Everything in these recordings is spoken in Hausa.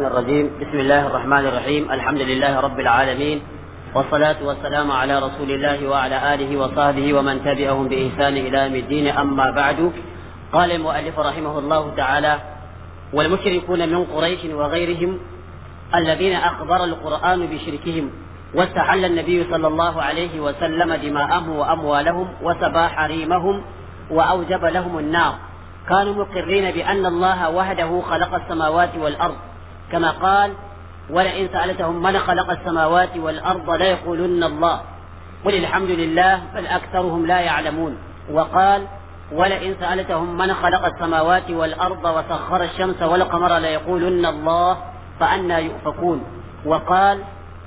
الرجيم بسم الله الرحمن الرحيم الحمد لله رب العالمين والصلاة والسلام على رسول الله وعلى آله وصحبه ومن تبعهم بإحسان إلى يوم الدين أما بعد قال المؤلف رحمه الله تعالى والمشركون من قريش وغيرهم الذين أخبر القرآن بشركهم واستحل النبي صلى الله عليه وسلم دماءهم وأموالهم وسبى حريمهم وأوجب لهم النار كانوا مقرين بأن الله وحده خلق السماوات والأرض كما قال ولئن سألتهم من خلق السماوات والأرض ليقولن الله قل الحمد لله بل أكثرهم لا يعلمون وقال ولئن سألتهم من خلق السماوات والأرض وسخر الشمس والقمر ليقولن الله فأنا يؤفكون وقال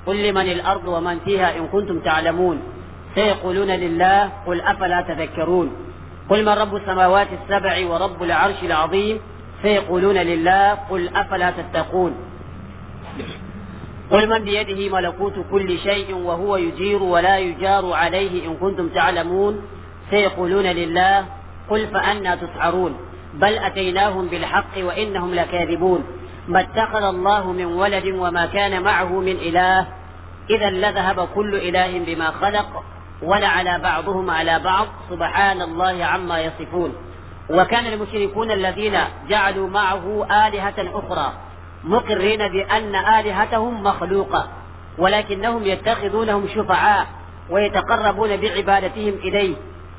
قل لمن الأرض ومن فيها إن كنتم تعلمون سيقولون لله قل أفلا تذكرون قل من رب السماوات السبع ورب العرش العظيم فيقولون لله قل أفلا تتقون قل من بيده ملكوت كل شيء وهو يجير ولا يجار عليه إن كنتم تعلمون فيقولون لله قل فأنا تسحرون بل أتيناهم بالحق وإنهم لكاذبون ما اتخذ الله من ولد وما كان معه من إله إذا لذهب كل إله بما خلق ولعلى بعضهم على بعض سبحان الله عما يصفون وكان المشركون الذين جعلوا معه آلهة أخرى مقرين بأن آلهتهم مخلوقة ولكنهم يتخذونهم شفعاء ويتقربون بعبادتهم إليه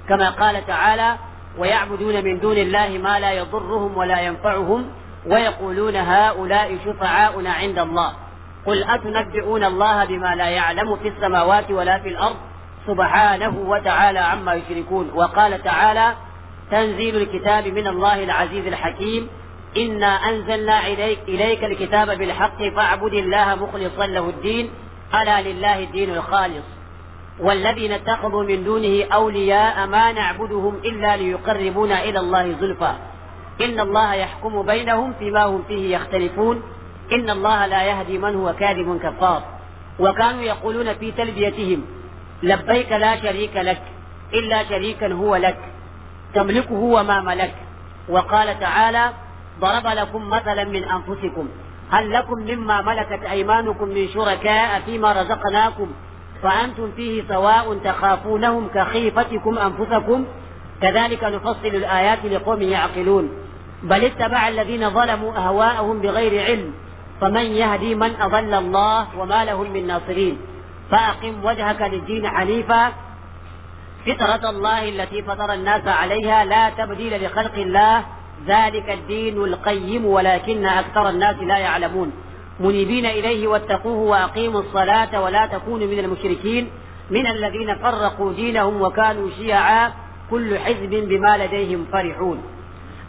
كما قال تعالى ويعبدون من دون الله ما لا يضرهم ولا ينفعهم ويقولون هؤلاء شفعاؤنا عند الله قل أتنبئون الله بما لا يعلم في السماوات ولا في الأرض سبحانه وتعالى عما يشركون وقال تعالى تنزيل الكتاب من الله العزيز الحكيم إنا أنزلنا إليك, إليك الكتاب بالحق فاعبد الله مخلصا له الدين ألا لله الدين الخالص والذين اتخذوا من دونه أولياء ما نعبدهم إلا ليقربونا إلى الله زلفى إن الله يحكم بينهم فيما هم فيه يختلفون إن الله لا يهدي من هو كاذب كفار وكانوا يقولون في تلبيتهم لبيك لا شريك لك إلا شريكا هو لك تملكه وما ملك وقال تعالى ضرب لكم مثلا من أنفسكم هل لكم مما ملكت أيمانكم من شركاء فيما رزقناكم فأنتم فيه سواء تخافونهم كخيفتكم أنفسكم كذلك نفصل الآيات لقوم يعقلون بل اتبع الذين ظلموا أهواءهم بغير علم فمن يهدي من أضل الله وما لهم من ناصرين فأقم وجهك للدين حنيفا فطرة الله التي فطر الناس عليها لا تبديل لخلق الله ذلك الدين القيم ولكن أكثر الناس لا يعلمون منيبين إليه واتقوه وأقيموا الصلاة ولا تكونوا من المشركين من الذين فرقوا دينهم وكانوا شيعا كل حزب بما لديهم فرحون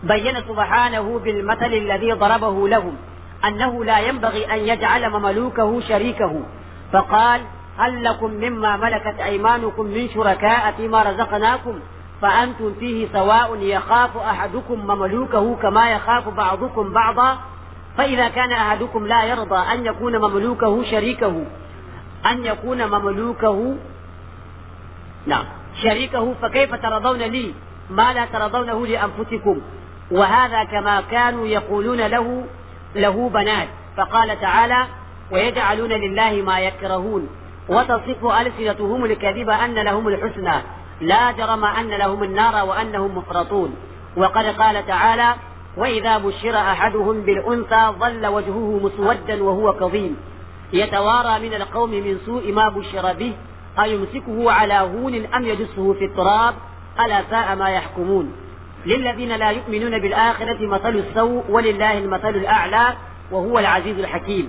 بين سبحانه بالمثل الذي ضربه لهم أنه لا ينبغي أن يجعل مملوكه شريكه فقال هل لكم مما ملكت أيمانكم من شركاء فيما رزقناكم فأنتم فيه سواء يخاف أحدكم مملوكه كما يخاف بعضكم بعضا فإذا كان أحدكم لا يرضى أن يكون مملوكه شريكه أن يكون مملوكه نعم شريكه فكيف ترضون لي ما لا ترضونه لأنفسكم وهذا كما كانوا يقولون له له بنات فقال تعالى ويجعلون لله ما يكرهون وتصف ألسنتهم الكذب أن لهم الحسنى لا جرم أن لهم النار وأنهم مفرطون وقد قال تعالى وإذا بشر أحدهم بالأنثى ظل وجهه مسودا وهو كظيم يتوارى من القوم من سوء ما بشر به أيمسكه على هون أم يدسه في التراب ألا ساء ما يحكمون للذين لا يؤمنون بالآخرة مثل السوء ولله المثل الأعلى وهو العزيز الحكيم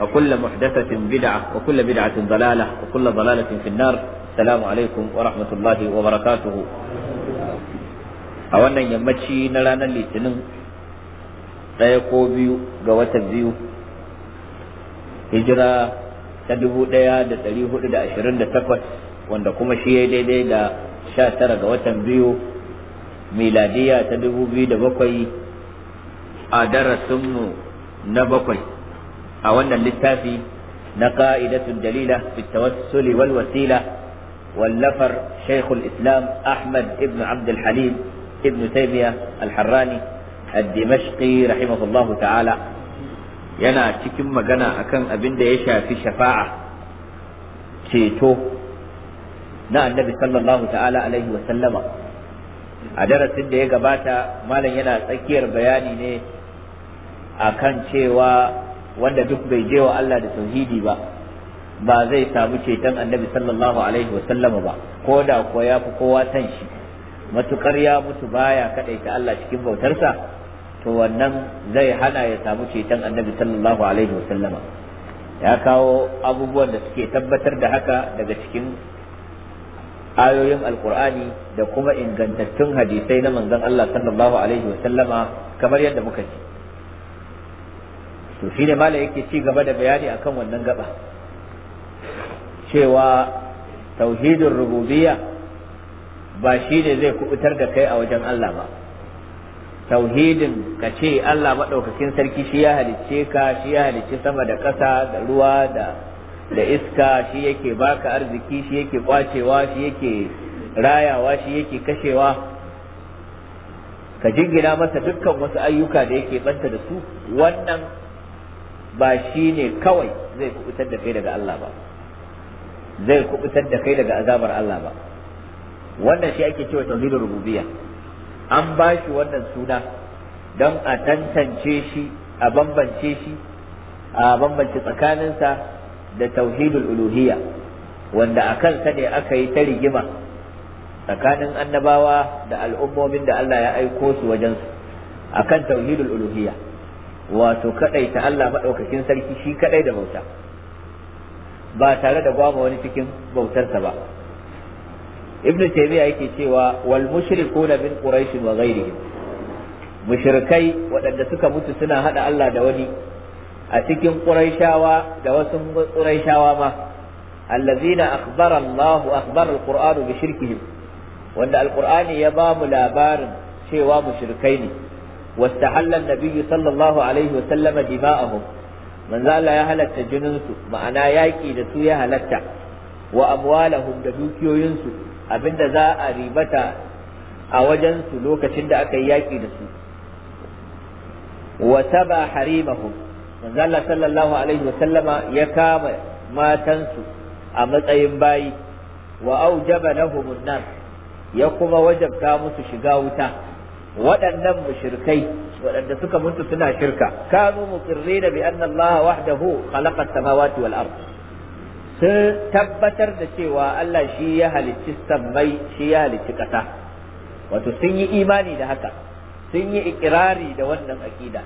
وكل محدثة بدعة وكل بدعة ضلالة وكل ضلالة في النار السلام عليكم ورحمة الله وبركاته أولا يمشي نرانا لتنم لا يقوبي قوات بيو هجرة تدبو ديا دا تليه دا عشرين دا تقوت وان كما شيء دي دي دا شاتر قوات بيو ميلادية تدبو بي دا بقوي أدرسمو نبقوي a wannan littafi na ka'idatun dalila fi tawassuli wal wasila wallafar shaykhul islam ahmad ibn abd halim ibn taymiya al-harrani ad-dimashqi rahimahullahu ta'ala yana cikin magana akan abin da ya shafi shafa'a ceto na annabi sallallahu ta'ala alaihi wa sallama a darasin da ya gabata malam yana tsakiyar bayani ne akan cewa wanda duk bai je wa Allah da tauhidi ba ba zai samu ceton annabi sallallahu alaihi wa sallama ba ko da kuwa ya fi kowa san shi matukar ya mutu baya kadaita Allah cikin bautarsa to wannan zai hana ya samu ceton annabi sallallahu alaihi wa sallama ya kawo abubuwan da suke tabbatar da haka daga cikin ayoyin alkur'ani da kuma ingantattun hadisai na manzon Allah sallallahu alaihi wa sallama kamar yadda muka ji to shine malam yake ci gaba da bayani akan wannan gaba cewa tauhidin rububiyya ba shi ne zai kubutar da kai a wajen Allah ba tauhidin ka ce Allah maɗaukakin sarki shi ya halicce ka shi ya halicce sama da ƙasa da ruwa da da iska shi yake baka arziki shi yake kwacewa shi yake rayawa shi yake kashewa ka jingina masa dukkan wasu ayyuka da yake banta da su wannan ba shi ne kawai zai kubutar da kai daga Allah ba zai kubutar da kai daga azabar Allah ba wannan shi ake cewa Tauhidur rububiyya an ba shi wannan suna don a tantance shi a bambance shi a bambance tsakaninsa da tauhidul uluhiyya wanda a kansa ne aka yi ta rigima tsakanin annabawa da al'ummomin da Allah ya aiko su wajensu akan tauhidul uluhiyya wato kadai ta Allah maɗaukakin sarki shi kadai da bauta ba tare da gwaba wani cikin bautarsa ba ibnu taymiya yake cewa wal mushrikuna min quraish wa ghayrihim mushrikai waɗanda suka mutu suna hada Allah da wani a cikin quraishawa da wasu quraishawa ma allazina akhbara Allah akhbara al-qur'anu bi shirkihim wanda al-qur'ani ya ba mu labarin cewa mushrikai ne واستحل النبي صلى الله عليه وسلم دماءهم من ذا لا يهلك جننس معنا ياكي دسو يهلك وأموالهم دوكيو ينسو أبن ذا أريبتا أوجنس لوكة دا أكي ياكي دسو وتبع حريمهم من ذا صلى الله عليه وسلم يكام ما تنسو أمتأين باي وأوجب لهم الناس يقوم وجب كامس شقاوتا waɗannan mushirkai waɗanda suka mutu suna shirka kanu muqirrina bi anna Allah wahdahu khalaqa samawati wal ard sun tabbatar da cewa Allah shi ya halicci sammai shi ya halicci ƙasa wato sun yi imani da haka sun yi ikirari da wannan aqida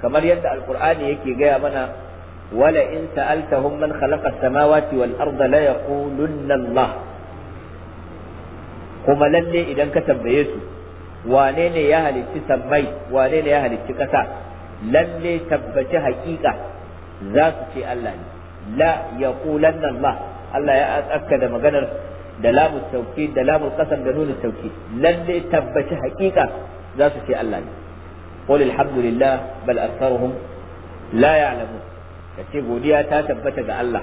kamar yadda alqur'ani yake gaya mana wala in sa'altahum man khalaqa samawati wal arda la yaqulunna Allah kuma lalle idan ka tambaye su wane ne ya halicci sammai wane ne ya halicci ƙasa lalle tabbaci hakika za su ce Allah ne la yaqulan Allah Allah ya tsakka da maganar da lamu tauki da lamu ƙasar da nuna tauki lalle tabbaci hakika za su ce Allah ne qul alhamdulillah bal aktharuhum la ya'lamun kace godiya ta tabbata ga Allah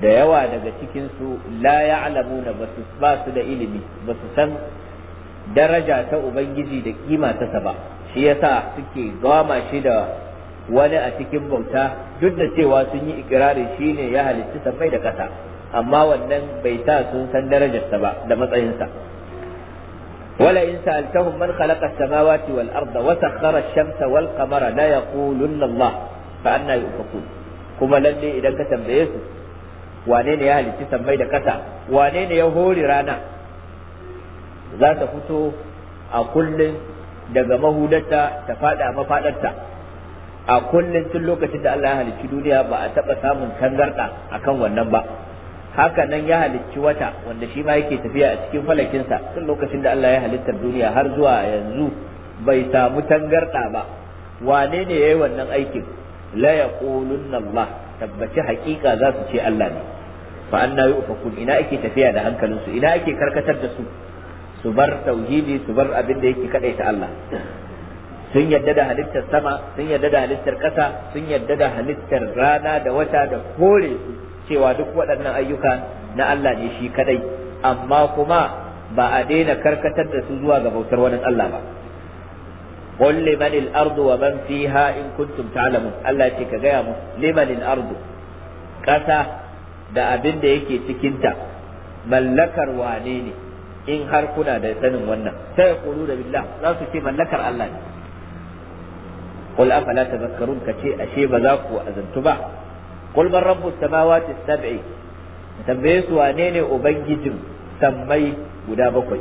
da yawa daga cikinsu la ya'lamuna ba basu da ilimi basu san daraja ta ubangiji da kima ta sa ba shi yasa suke gama shi da wani a cikin bauta duk da cewa sun yi ikirarin shi ne ya halitta sabai da ƙasa amma wannan bai sa sun san darajarsa ba da matsayinsa wala in sa'altahum man khalaqa as-samawati wal arda wa sakhkhara ash-shamsa wal qamara la yaqulunna Allah fa anna yufakun kuma lalle idan ka tambaye su wane ne ya halitta sabai da kasa wane ne ya hori rana za ta fito a kullum daga mahudarta ta fada mafadarta a kullum tun lokacin da Allah ya halicci duniya ba a taba samun tangarda akan wannan ba haka nan ya halicci wata wanda shi ma yake tafiya a cikin falakinsa tun lokacin da Allah ya halittar duniya har zuwa yanzu bai samu tangarda ba wane ne yayi wannan aikin la yaqulunna Allah tabbaci hakika za su ce Allah ne fa anna yufakun ina ake tafiya da hankalinsu ina ake karkatar da su su bar tauhidi su bar abin da yake ta Allah sun yadda da halittar sama sun yadda da halittar ƙasa sun yadda da halittar rana da wata da kore su cewa duk waɗannan ayyuka na Allah ne shi kadai amma kuma ba a daina karkatar da su zuwa ga bautar wani Allah ba قل لمن الأرض ومن فيها إن كنتم تعلمون الله يتيك جاء لمن الأرض كسا دا أبن دا يكي تكنتا ملكر وانيني in har kuna da sanin wannan sai ya kulu da billah za su ce mallakar Allah ne qul afala tadhakkarun kace ashe ba za ku azantu ba qul man rabbus samawati sab'i tambaye su wane ne ubangijin sammai guda bakwai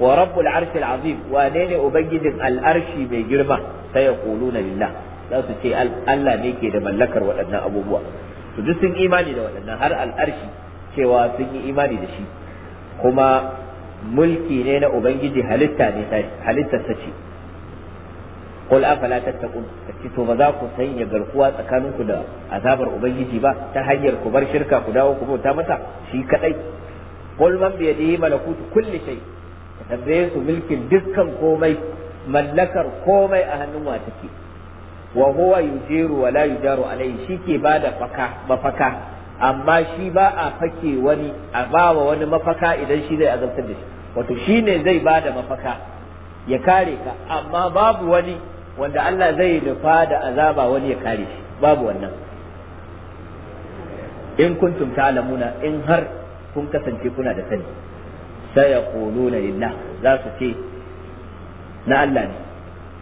wa rabbul arshil azim wane ne ubangijin al'arshi mai girma sai ya kulu da lillah za su ce Allah ne ke da mallakar waɗannan abubuwa to duk sun imani da waɗannan har al'arshi cewa sun yi imani da shi kuma mulki ne na ubangiji halitta ne halitta sace qul afala to ba za ku sanya garkuwa tsakaninku da azabar ubangiji ba ta hanyar ku bar shirka ku dawo ku bauta masa shi kadai qul man bi yadihi malakutu kulli shay tambaye su mulkin dukkan komai mallakar komai a hannun wa take wa huwa yujiru wa la yujaru alayhi shi ke bada faka mafaka amma shi ba a fake wani a bawa wani mafaka idan shi zai azabtar da shi wato shi ne zai ba da mafaka ya kare ka amma babu wani wanda Allah zai nufa da azaba wani ya kare shi babu wannan in kuntum ta'lamuna in har kun kasance kuna da sani sai ya quluna lillah za su ce na Allah ne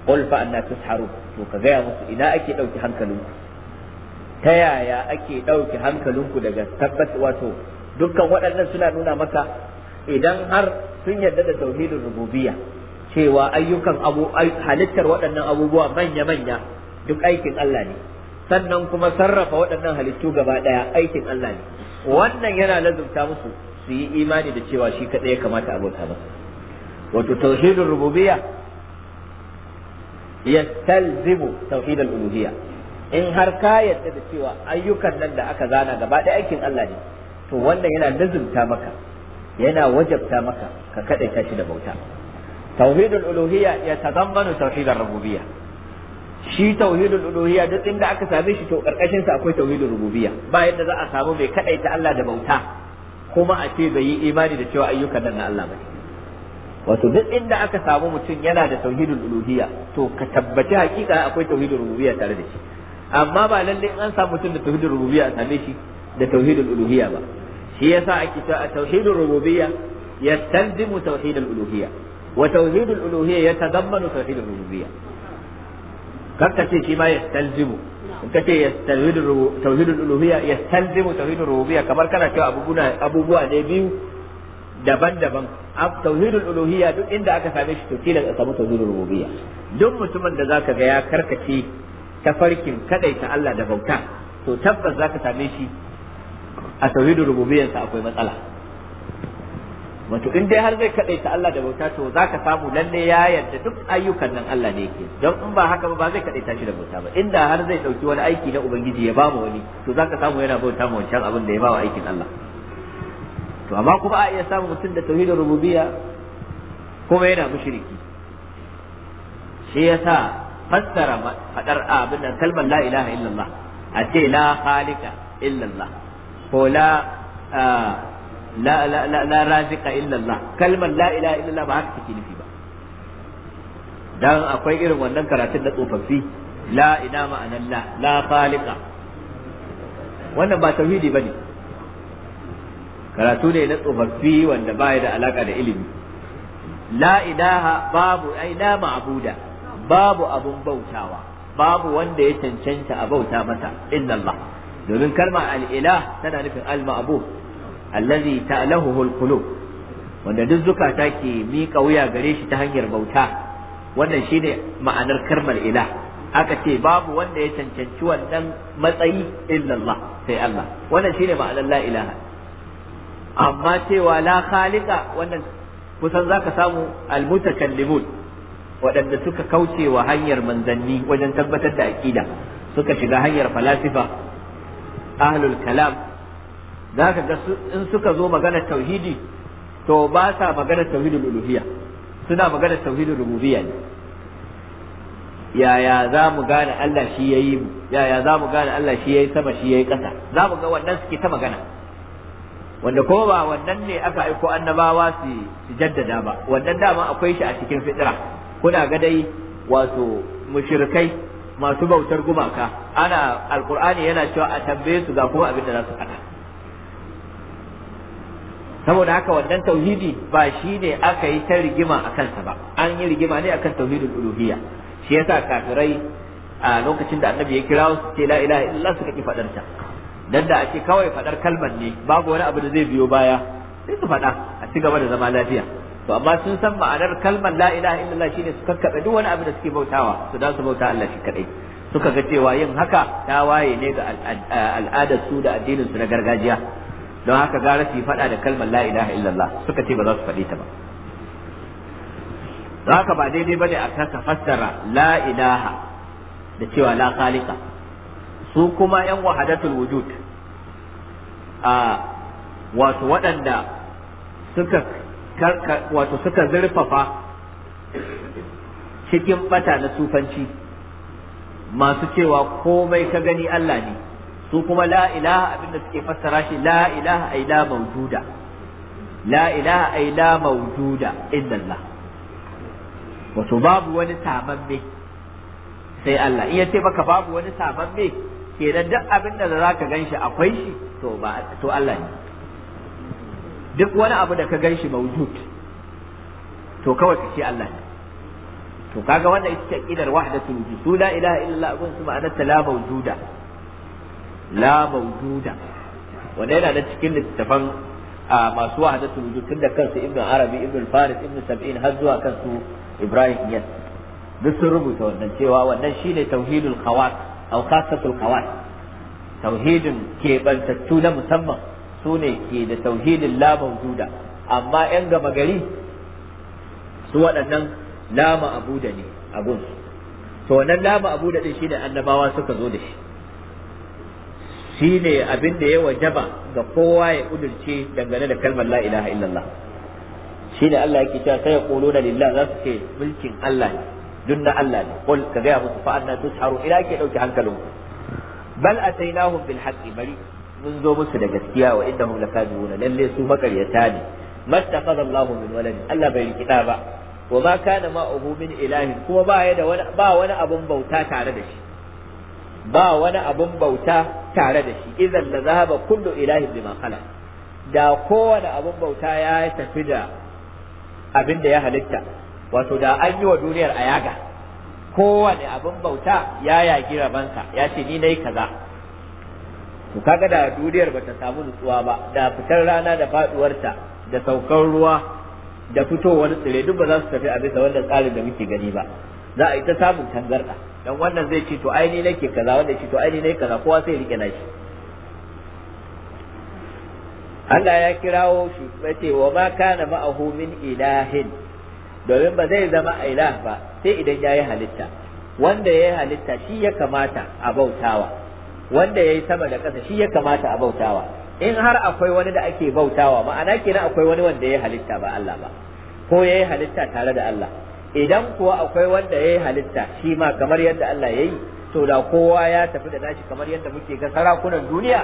qul fa anna tusharu to ka gaya musu ina ake dauki hankalinku ta yaya ake ɗauke hankalinku daga tabbat wato dukkan waɗannan suna nuna maka idan har sun yarda da tauhidin rububiya cewa ayyukan abu halittar waɗannan abubuwa manya-manya duk aikin Allah ne sannan kuma sarrafa waɗannan halittu gaba ɗaya aikin Allah ne wannan yana lazumta musu su yi imani da cewa shi kaɗai ya kamata a bauta masa wato tauhidin rububiyya yastalzimu tauhidul uluhiyya in har ka yadda da cewa ayyukan nan da aka zana gaba ɗaya aikin Allah ne to wanda yana nazumta maka yana wajabta maka ka ka shi da bauta tauhidul uluhiyya ya tazammanu tauhidar rububiyya shi tauhidul uluhiyya duk inda aka same shi to karkashin sa akwai tauhidul rububiyya ba yadda za a samu bai ta Allah da bauta kuma a ce bai yi imani da cewa ayyukan nan na Allah bane wato duk inda aka samu mutum yana da tauhidul uluhiyya to ka tabbaci hakika akwai tauhidul rububiyya tare da shi amma ba lallai an samu mutum da tauhidin rububiyya a same shi da tauhidin uluhiyya ba shi yasa ake cewa tauhidul rububiyya yastanzimu tauhidin uluhiyya wa tauhidul uluhiyya yatadammanu tauhidul rububiyya kakka ce shi ma yastalzimu in ka ce tauhidul uluhiyya yastalzimu tauhidul rububiyya kamar kana cewa abubuwa ne biyu daban-daban tauhidul uluhiyya duk inda aka same shi to tilas a samu tauhidul rububiyya duk mutumin da zaka ga ya karkace tafarkin kadaita Allah da bauta to tabbas zaka same shi a tauhidin rububiyyarsa akwai matsala wato in dai har zai kadaita Allah da bauta to zaka samu lalle ya yarda duk ayyukan nan Allah ne yake don in ba haka ba zai kadaita shi da bauta ba inda har zai dauki wani aiki na ubangiji ya ba mu wani to zaka samu yana bauta ma wancan abin da ya ba aikin Allah to amma kuma a iya samu mutum da tauhidin rububiyya kuma yana mushriki shi yasa fassara fadar ah, abin da kalmar la ilaha illallah a ce la khaliqa illallah ko la ah, la la la la illallah kalmar la ilaha illallah ba haka take nufi ba dan akwai irin wannan karatun da tsofaffi la ina ma'anan la la khaliqa wannan ba tauhidi bane karatu ne na tsofaffi wanda baya da alaka da ilimi la ilaha babu ai la ma'buda babu abun bautawa babu wanda ya cancanta a bauta masa illallah domin kalma al'ilah tana nufin al-ma'bud allazi ta'lahuhu al-qulub wanda duk zukata ke miƙa wuya gare shi ta hanyar bauta wannan shine ma'anar kalmar ilah aka ce babu wanda ya cancanci wannan matsayi illallah sai Allah wannan shine ma'anar la ilaha amma cewa la khaliqa wannan kusan zaka samu al-mutakallimun waɗanda suka kauce wa hanyar manzanni wajen tabbatar da aƙida suka shiga hanyar falasifa ahlul kalam za ka ga in suka zo magana tauhidi to ba sa magana tauhidin uluhiyya suna magana tauhidin rububiyya ne yaya za mu gane Allah shi yayi mu yaya za mu gane Allah shi yayi sama shi yayi ƙasa za mu ga wannan suke ta magana wanda ko ba wannan ne aka aiko annabawa su jaddada ba wannan dama akwai shi a cikin fitira kuna ga dai wato mushrikai masu bautar gumaka ana alkur'ani yana cewa a tambaye su ga kuma abin da za su faɗa saboda haka wannan tauhidi ba shine ne aka yi ta rigima a kansa ba an yi rigima ne akan tauhidin uluhiyya shi yasa kafirai a lokacin da annabi ya kira su ce la ilaha illallah suka ki fadar ta dan da ake kawai faɗar kalman ne babu wani abu da zai biyo baya sai su fada a cigaba da zama lafiya to amma sun san ma'anar kalmar la ilaha illallah shine su kakkabe duk wani abu da suke bautawa su da su bauta Allah shi kadai suka ga cewa yin haka ta waye ne ga al'adar su da addinin su na gargajiya don haka gara su faɗa da kalmar la ilaha illallah suka ce ba za su faɗi ta ba don haka ba daidai bane a kasa fassara la ilaha da cewa la khaliqa su kuma yan wahadatul wujud a wato waɗanda suka wato suka zurfafa cikin bata na sufanci masu cewa komai ka gani Allah ne su kuma la ilaha abinda suke fassara shi la ilaha ai la mawjuda la ilaha ai la mawjuda illallah wato babu wani samamme sai Allah in yace baka babu wani samamme kenan duk abinda da zaka ganshi akwai shi to ba to Allah ne duk wani abu da ka ganshi mawjud to kawai ka ce Allah to kaga wannan ita ce aqidar wahdatul wujud su la ilaha illallah abun su ma'anar ta la mawjuda la mawjuda wanda yana da cikin littafan masu wahdatul wujud tun da kansu ibnu arabi ibnu faris ibnu sab'in har zuwa kansu ibrahim yas duk sun rubuta wannan cewa wannan shine tauhidul khawas aw khasatul khawas tauhidin kebantattu na musamman su ne ke da tauhidin la mawjuda amma yan gama gari su waɗannan abu da ne abun to wannan la ma'buda shi ne annabawa suka zo da shi shine abin da ya wajaba ga kowa ya kudirce dangane da kalmar la ilaha illallah ne Allah yake cewa sai ya quluna lillah za su ce mulkin Allah ne duk Allah ne kul ka ga musu fa anna tusharu ila ke dauki hankalinku bal atainahum bil haqqi bari mun zo musu da gaskiya wa innahum lakazibun lalle su makaryata ne mattakhadha Allahu min walad Allah bai rikida ba wa ma kana ma'uhu min ilahin kuma ba ya da wani ba wani abun bauta tare da shi ba wani abun bauta tare da shi idan la zahaba kullu ilahin bima khalaq da kowane abun bauta ya tafi da abin da ya halitta wato da an yi wa duniyar ayaga kowane abin bauta ya yagi rabansa ya ce ni nayi kaza to kaga da duniyar bata samu nutsuwa ba da fitar rana da faduwarta da saukar ruwa da fitowar tsire duk ba za su tafi a bisa wannan tsarin da muke gani ba za a yi ta samun tangarda dan wannan zai ce to aini nake kaza wanda ce to aini nake kaza kowa sai rike nashi Allah ya kirawo shi ce wa ma kana ma'ahu min ilahin domin ba zai zama ilah ba sai idan yayi halitta wanda yayi halitta shi ya kamata a bautawa wanda yayi sama da ƙasa shi ya kamata a bautawa in har akwai wani da ake bautawa ma'ana kenan akwai wani wanda yayi halitta ba Allah ba ko yayi halitta tare da Allah idan kuwa akwai wanda ya yi halitta shi ma kamar yadda Allah ya yi to da kowa ya tafi da nashi kamar yadda muke ga sarakunan duniya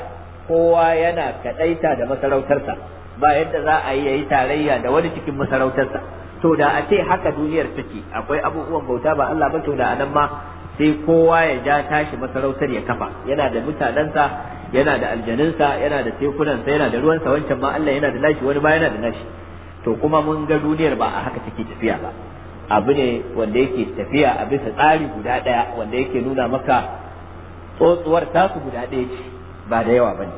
kowa yana kaɗaita da masarautarsa ba yadda za a yi yayi tarayya da wani cikin masarautarsa to da a ce haka duniyar take akwai abubuwan bauta ba Allah ba to da anan ma sai kowa ya ja tashi masarautar ya kafa yana da mutanensa yana da aljaninsa yana da tekunansa yana da ruwansa wancan ma Allah yana da nashi wani ma yana da nashi to kuma mun ga duniyar ba a haka take tafiya ba abu ne wanda yake tafiya a bisa tsari guda ɗaya wanda yake nuna maka tsotsuwar tasu guda ɗaya ce ba da yawa bane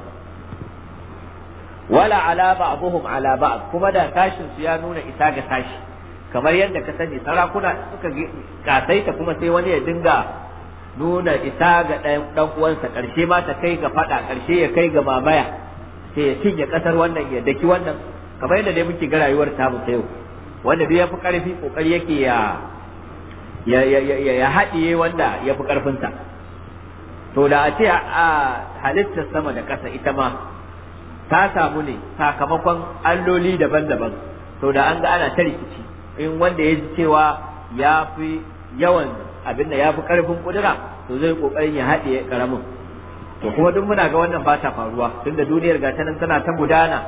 wala ala ba'dhum ala ba'd kuma da tashin su ya nuna isa ga tashi kamar yadda ka sani sarakuna suka kasaita kuma sai wani ya dinga nuna ita ga dan uwansa ƙarshe ma ta kai ga faɗa ƙarshe ya kai ga mamaya sai ya cinye ƙasar wannan ya daki wannan kamar yadda dai muke ga rayuwar ta mu yau wanda duk ya fi kokari ƙoƙari yake ya ya ya hadiye wanda ya fi ƙarfinsa to da a ce a halittar sama da ƙasa ita ma ta samu ne sakamakon alloli daban-daban to da an ga ana ta rikici in wanda ya ji cewa ya fi yawan abin da ya fi karfin kudura to zai kokarin ya haɗe karamin to kuma duk muna ga wannan bata ta faruwa tunda duniyar ga nan tana ta gudana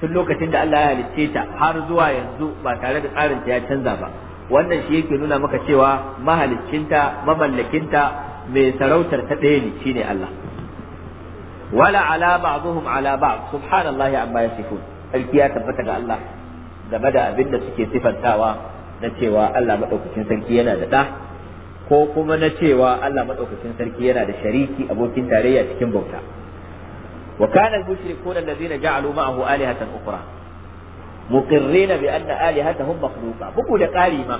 tun lokacin da Allah ya halicce ta har zuwa yanzu ba tare da tsarin ta ya canza ba wannan shi yake nuna maka cewa mahaliccinta mamallakinta mai sarautar ta ɗaya ne shine Allah wala ala ba'dhum ala ba'd subhanallahi amma yasifun alkiya tabbata ga Allah game da abin da suke sifantawa na cewa Allah maɗaukacin sarki yana da ɗa ko kuma na cewa Allah maɗaukacin sarki yana da shariki abokin tarayya cikin bauta wa kana al-mushrikun allazina ja'alu ma'ahu alihatan ukhra muqirrina bi anna alihatahum makhluqa buku da ƙari ma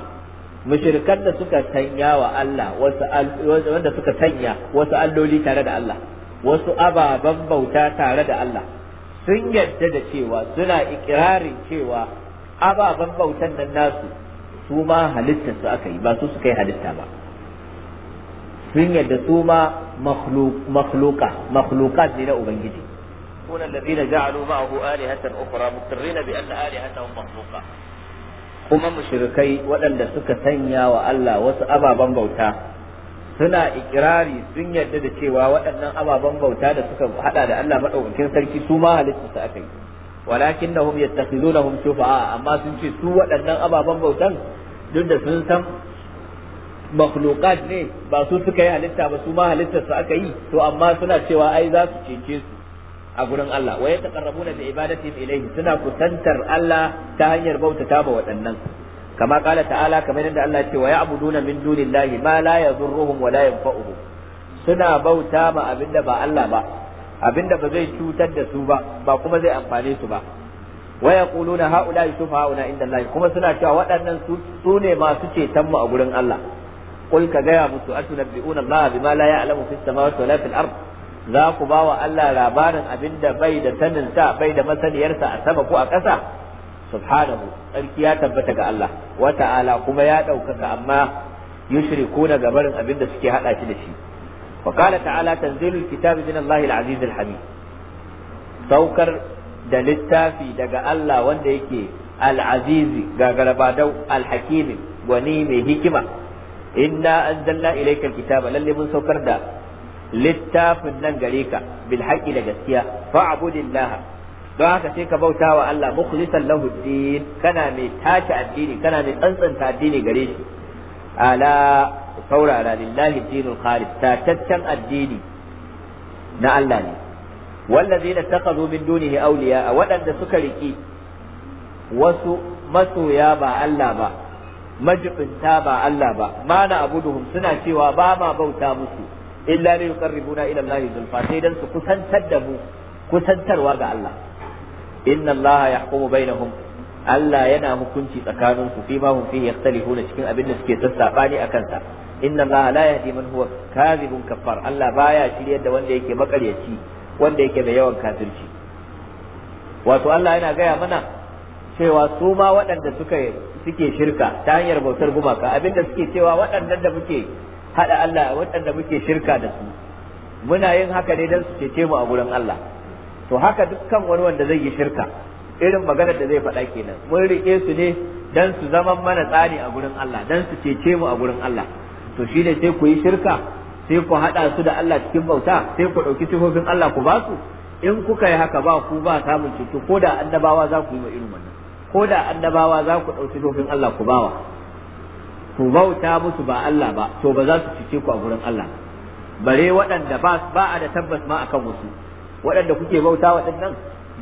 mushrikan da suka sanya wa Allah wasu wanda suka sanya wasu alloli tare da Allah wasu ababen bauta tare da Allah sun yadda da cewa suna ikirarin cewa ababen bautan nan nasu su ma halitta su aka yi ba su suka yi halitta ba sun yadda su ma makhluka makhlukat ne na ubangiji kuna allazina ja'alu ma'ahu alihatan ukhra muqirrina bi anna alihatahum makhluqa kuma mushrikai waɗanda suka sanya wa Allah wasu ababen bauta suna ikirari sun yadda da cewa waɗannan ababen bauta da suka hada da Allah madaukakin sarki su ma halitta su aka yi Walakin walakinnahum yattakhizunahum shufa'a amma sun ce su waɗannan ababen bautan duk da sun san makhluqat ne ba su suka yi halitta ba su ma halittar su aka yi to amma suna cewa ai za su cece su a gurin Allah wa yataqarrabuna bi ibadatihim ilayhi suna kusantar Allah ta hanyar bautata ba waɗannan kama kala ta'ala kamar yadda Allah ce wa ya'buduna min dunillahi ma la yadhurruhum wa la yanfa'uhum suna bauta ma abinda ba Allah ba abinda ba zai cutar da su ba ba kuma zai amfane su ba wa yaquluna haula yusufa hauna inda Allah kuma suna cewa waɗannan su su ne masu ceton mu a gurin Allah qul ka gaya musu atunabbi'una Allah bima la ya'lamu fis samawati wala fil ard za ku ba wa Allah labarin abinda bai da sanin sa bai da masaniyarsa a sama ko a ƙasa subhanahu tsarki ya tabbata ga Allah wa ta'ala kuma ya ɗaukaka amma yushrikuna gabarin abinda suke hada shi da shi wa qala ta'ala tanzilul kitabi min Allah al-aziz saukar da littafi daga Allah wanda yake alazizi ga gagarabadau dau hakim gwani mai hikima inna anzalna ilayka al-kitaba lalle mun saukar da littafin nan gare ka bil haqqi da gaskiya fa'budillaha don haka sai ka bauta wa Allah mukhlisan lahu kana mai tace addini kana mai tsantsanta addini gare shi ala saurara lillahi dinul khalis tataccen addini na Allah ne wallazina taqadu min dunihi awliya waɗanda suka rike wasu masoya ba Allah ba majibinta ba Allah ba mana abuduhum suna cewa ba ma bauta musu illa li yuqarribuna ila Allah zulfa sai dan su kusantar da mu kusantarwa ga Allah inna Allah yahkumu bainahum Allah yana hukunci tsakanin fi ma hum fihi yakhtalifuna cikin abin da suke sassabani akan sa inna Allah la yahdi man huwa kadhibun kafar Allah baya shirya da wanda yake makaryaci wanda yake da yawan kafirci wato Allah yana gaya mana cewa su ma waɗanda suka suke shirka ta hanyar bautar gumaka abinda suke cewa waɗannan da muke hada Allah waɗanda muke shirka da su muna yin haka ne don su cece mu a gurin Allah to haka dukkan wani wanda zai yi shirka irin maganar da zai faɗa kenan mun rike su ne don su zama mana tsari a gurin Allah don su cece mu a gurin Allah to ne sai ku yi shirka sai ku haɗa su da Allah cikin bauta sai ku ɗauki sifofin Allah ku ba su in kuka yi haka ba ku ba samun ceto ko da annabawa za ku yi wa irin wannan ko da annabawa za ku ɗauki sifofin Allah ku bawa ku bauta musu ba Allah ba to ba za su cike ku a gurin Allah bare waɗanda ba ba a da tabbas ma akan wasu waɗanda kuke bauta waɗannan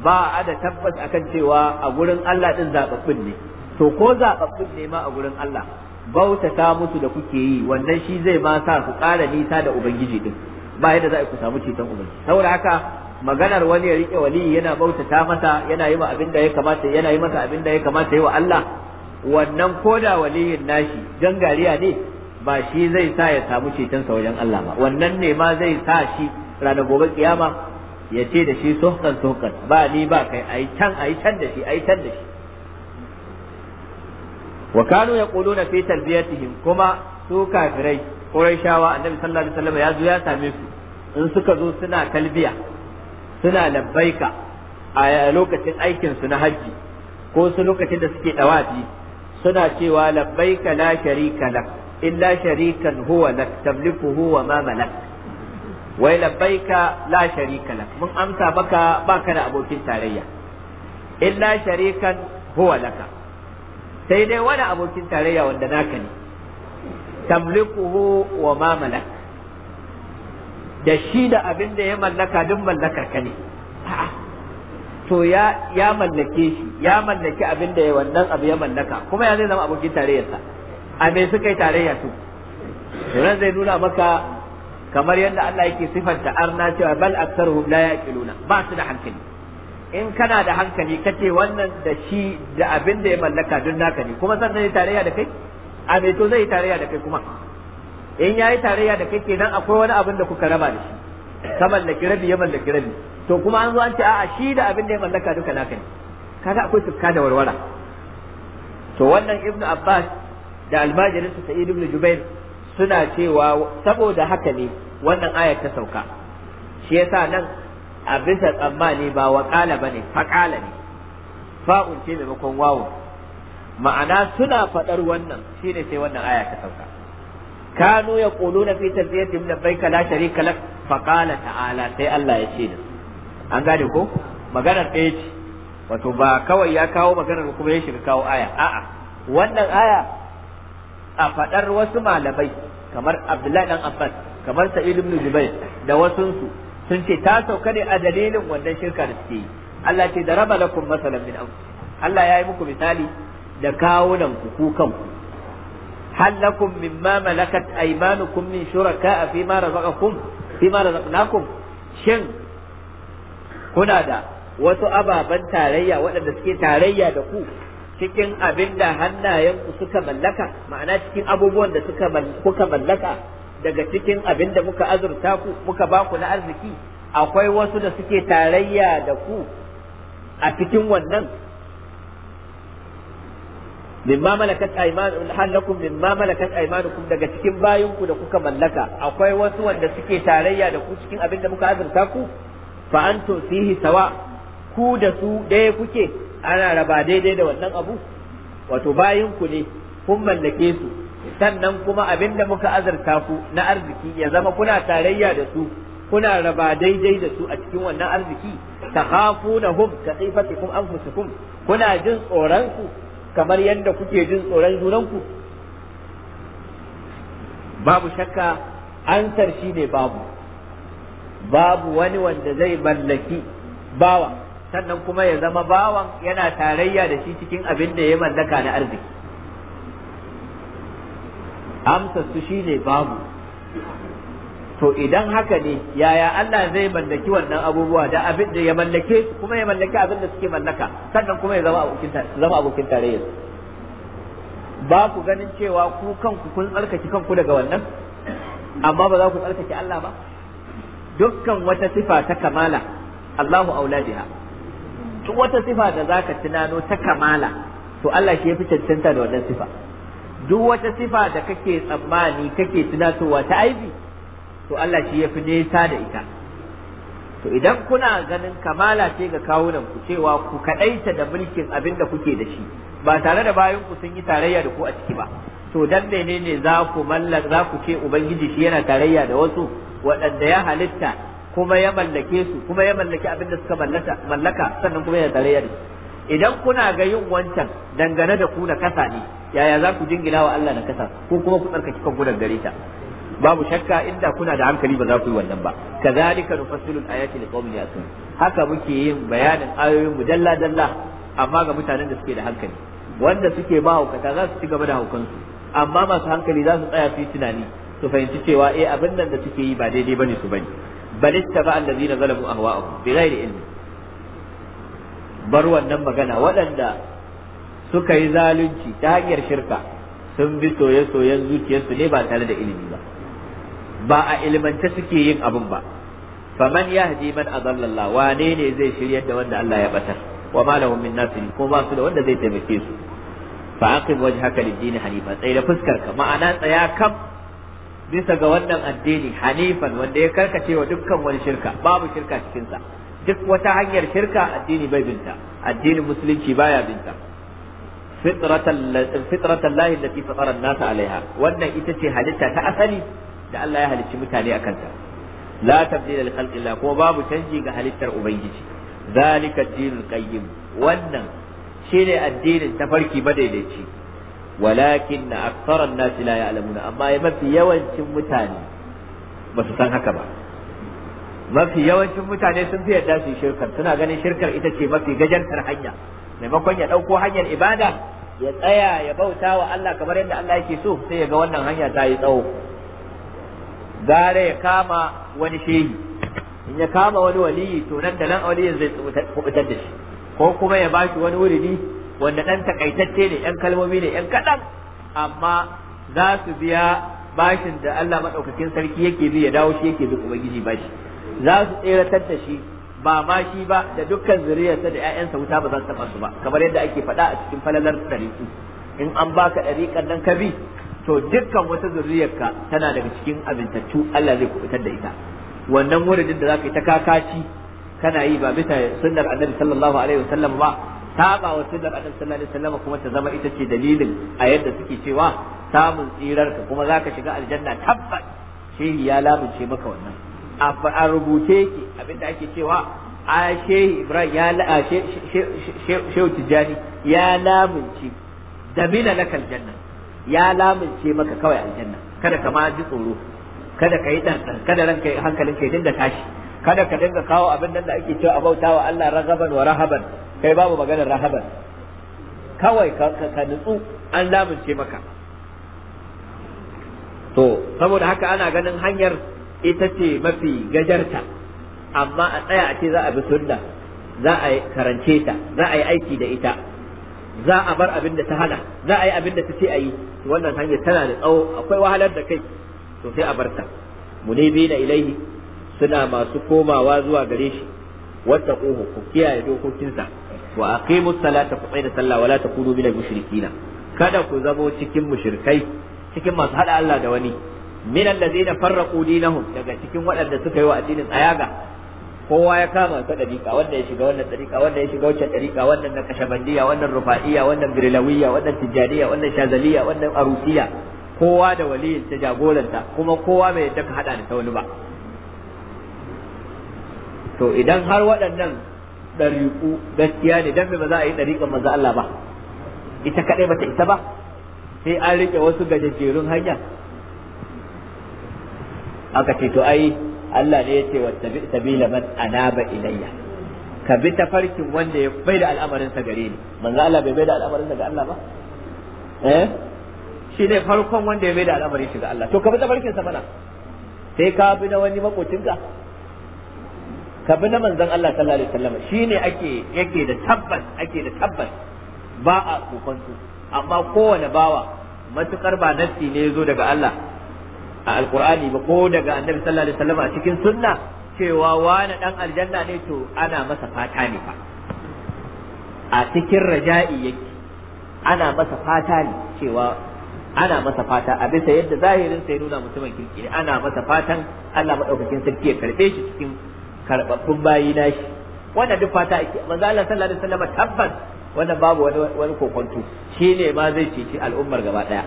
ba a da tabbas akan cewa a gurin Allah din zababbin ne to ko zababbin ne ma a gurin Allah bautata musu da kuke yi wannan shi zai ma sa ku ƙara nisa da ubangiji din ba yadda za ku samu ceton ubangiji saboda haka maganar wani ya rike wali yana bautata masa yana yi abin da ya kamata yana yi masa abin da ya kamata yi wa Allah wannan koda waliyin nashi gangariya ne ba shi zai sa ya samu ceton sa wajen Allah ba wannan ne ma zai sa shi ranar gobe kiyama ya ce da shi sokan sokan ba ni ba kai ayi can ayi can da shi ayi can da shi wa kanu yaquluna fi talbiyatihim kuma su kafirai quraishawa annabi sallallahu alaihi wasallam ya zo ya same su in suka zo suna talbiya suna labbaika a lokacin aikin su na haji ko su lokacin da suke dawafi suna cewa labbaika la sharika lak illa sharikan huwa lak tamlikuhu wa ma malak wai labbaika la sharika lak mun amsa baka baka da abokin tarayya illa sharikan huwa laka sai dai wani abokin tarayya wanda naka ne tamlikuhu wa ma malak da shi da abin da ya mallaka duk mallakar ka ne to ya ya mallake shi ya mallaki abin da ya wannan abu ya mallaka kuma ya zai zama abokin tarayyarsa a me suka yi tarayya su ran zai nuna maka kamar yadda Allah yake sifanta arna cewa bal aktsaruhum la yaqiluna ba su da hankali in kana da hankali kace wannan da shi da abin da ya mallaka duk naka ne kuma sannan ya tarayya da kai a me to zai tarayya da kai kuma in yayi tarayya da kai kenan akwai wani abin da kuka raba da shi ka mallaki rabi ya mallaki rabi to kuma an zo an ce a'a shi da abin da ya mallaka duka naka ne kaga akwai tukka da warwara to wannan ibnu abbas da almajirin sa sa'id ibn jubair suna cewa saboda haka ne wannan ayar ta sauka shi yasa nan a bisa tsammani ba waƙala ba ne faƙala ne fa'un ce maimakon wawo ma'ana suna faɗar wannan shine sai wannan aya ta sauka kanu ya ƙulu na fitar zai tim mun bai kala sharika lak faƙala ta'ala sai Allah ya ce an gane ko maganar ɗaya ce wato ba kawai ya kawo maganar kuma ya shiga kawo aya a'a wannan aya a faɗar wasu malamai kamar Abdullahi dan Abbas kamar Sa'id ibn Jubair da wasunsu sun ce ta sauka ne a dalilin wannan shirka da suke yi Allah ce da raba lakum masalan min Allah ya yi muku misali da kawunan ku ku kanku hal lakum mimma malakat aymanukum min shuraka fi ma razaqakum fi ma razaqnakum shin kuna da wasu ababan tarayya waɗanda suke tarayya da ku cikin abin da hannayenku suka mallaka ma'ana cikin abubuwan da suka kuka mallaka daga cikin abin da muka azurta ku muka ba ku na arziki akwai wasu da suke tarayya da ku a cikin wannan mimma malakat aymanukum halakum mimma malakat aymanukum daga cikin ku da kuka mallaka akwai wasu wanda suke tarayya da ku cikin abin da muka azurta ku fa antum fihi sawa ku da su daya kuke ana raba daidai da wannan abu wato ku ne kun mallake su sannan kuma abin da muka azurta ku na arziki ya zama kuna tarayya da su kuna raba daidai da su a cikin wannan arziki ta hafu na hum ka tsifatikum anfusukum kuna jin tsoronku kamar yadda kuke jin tsoron junanku babu shakka ansar shi ne babu babu wani wanda zai mallaki bawa sannan kuma ya zama bawan yana tarayya da shi cikin abin da ya mallaka na arziki amsa su ne babu to idan haka ne yaya Allah zai mallaki wannan abubuwa da abin da ya mallake su kuma ya mallaki abin da suke mallaka sannan kuma ya zama abokin zama abokin ba ku ganin cewa ku kanku kun tsarkake kanku daga wannan amma ba za ku tsarkake Allah ba dukkan wata sifa ta kamala Allahu auladiha duk wata sifa da zaka tunano ta kamala to Allah shi ya fi cancanta da wannan sifa duk wata sifa da kake tsammani kake tunatowa ta aibi to Allah shi yafi nesa da ita to idan kuna ganin kamala ce ga kawunan ku cewa ku kadaita da mulkin abin da kuke da shi ba tare da bayan ku sun yi tarayya da ku a ciki ba to dan menene za ku mallak za ku ce ubangiji shi yana tarayya da wasu waɗanda ya halitta kuma ya mallake su kuma ya mallaki abin da suka mallaka sannan kuma yana tarayya da su idan kuna ga yin wancan dangane da ku na kasa ne yaya za ku jingina wa Allah na kasa ko kuma ku tsarkake kan gudan gare ta babu shakka inda kuna da hankali ba za ku yi wannan ba kazalika nufassilu ayati liqaumin yasun haka muke yin bayanin ayoyin mu dalla dalla amma ga mutanen da suke da hankali wanda suke ba hukata za su ci gaba da haukansu amma masu hankali za su tsaya su yi tunani su fahimci cewa eh abin nan da suke yi ba daidai bane su bane bal ittaba allazina zalamu ahwa'ahum bighairi ilmi bar wannan magana waɗanda suka yi zalunci ta hanyar shirka sun bi soye-soyen zuciyarsu ne ba tare da ilimi ba ba a ilimance suke yin abin ba faman yahdi man adalla wane ne zai shiryar da wanda Allah ya batar wa ma min nasiri ko ba su da wanda zai taimake su fa aqim wajhaka haka din hanifa tsaye da fuskar ka ma'ana tsaya kam bisa ga wannan addini hanifan wanda ya karkace wa dukkan wani shirka babu shirka cikin sa duk wata hanyar shirka addini bai binta addinin musulunci baya binta fitratan lahi da fi fataran nasa alaiha wannan ita ce halitta ta asali da Allah ya halicci mutane a kanta la tabdila li khalqillah kuma babu canji ga halittar ubangiji zalika dinul qayyim wannan shine addinin tafarki madaidaici walakin aktharan nasi la ya'lamuna amma mafi yawancin mutane ba su san haka ba mafi yawancin mutane sun fi yadda su shirkar suna ganin shirkar ita ce mafi gajantar hanya maimakon ya ɗauko hanyar ibada ya tsaya ya bauta wa Allah kamar yadda Allah yake so sai ya ga wannan hanya ta yi tsawo gare ya kama wani shehi in ya kama wani waliyi to nan da nan waliyin zai kubutar da shi ko kuma ya ba shi wani wuridi wanda ɗan takaitacce ne ɗan kalmomi ne ɗan kaɗan amma za su biya bashin da Allah maɗaukakin sarki yake bi ya dawo shi yake bi ubangiji bashi za su tseratar da shi ba ma shi ba da dukkan zuriyarsa da 'ya'yansa wuta ba za su taba su ba kamar yadda ake faɗa a cikin falalar ɗariƙi in an baka ɗariƙan nan ka bi to dukkan wata zuriyarka tana daga cikin amintattu Allah zai kubutar da ita wannan wuridin da zaka yi ta kakaci kana yi ba bisa sunnar annabi sallallahu alaihi wasallam ba saba wa sunnar annabi sallallahu alaihi wasallam kuma ta zama ita ce dalilin a yadda suke cewa samun tsirarka kuma zaka shiga aljanna tabbas shehi ya lamunce maka wannan a rubuce yake abinda ake cewa a shehi ibrahim ya la shehu tijjani ya lamunce damina na kaljanna ya lamunce maka kawai aljanna kada ka ma ji tsoro kada ka yi dan kada ranka hankalin ka dinga tashi kada ka dinga kawo abin nan da ake cewa a wa Allah ragaban wa rahaban kai babu maganar rahaban kawai ka nutsu an lamunce maka to saboda haka ana ganin hanyar ita ce mafi gajarta amma a tsaya a ce za a bi sunna za a karance ta za a yi aiki da ita za a bar abin da ta hana za a yi abin da ta ce a yi wannan hanyar tana da tsawo akwai wahalar da kai to sai a bar ta munibi na ilaihi suna masu komawa zuwa gare shi wata ƙoho ku kiyaye dokokinsa wa aqimu salata ku tsaya da sallah wala takunu minal mushrikina kada ku zamo cikin mushrikai cikin masu hada Allah da wani min allazina farraqu dinahum daga cikin waɗanda suka yi wa addinin tsayaga kowa ya kama ta dariƙa wanda ya shiga wannan dariƙa wanda ya shiga wancan dariƙa wannan na kashabandiya wannan rufa'iya wannan birlawiya wannan tijaniya wannan shazaliya wannan arusiya kowa da waliyin ta jagoranta kuma kowa bai yadda ka hada da ta wani ba to idan har waɗannan ɗariƙu gaskiya ne dan ba za a yi ɗariƙan manzo Allah ba ita ba bata isa ba sai an riƙe wasu gajejerun hanya aka ce to ai Allah ne ya ce wattabi sabila man anaba ilayya ka bi tafarkin wanda ya bai da al'amarin sa gare ni manzo Allah bai bai da al'amarin sa ga Allah ba eh shi ne farkon wanda ya bai da al'amarin shi ga Allah to ka bi tafarkin sa mana sai ka bi na wani makocin ka bi na manzon Allah sallallahu alaihi wasallam shine ake yake da tabbas ake da tabbas ba a su amma kowane bawa matukar ba nasti ne ya zo daga Allah a alqur'ani ba ko daga annabi sallallahu alaihi wasallam a cikin sunna cewa wani dan aljanna ne to ana masa fata ne fa a cikin raja'i yake ana masa fata ne cewa ana masa fata a bisa yadda zahirin sai nuna mutumin kirki ne ana masa fatan Allah madaukakin sarki ya karbe shi cikin karbabbun bayi shi. wannan duk fata ake manzo Allah sallallahu alaihi wasallam tabbas wanda babu wani wani kokonto shine ma zai ceci al'ummar gaba daya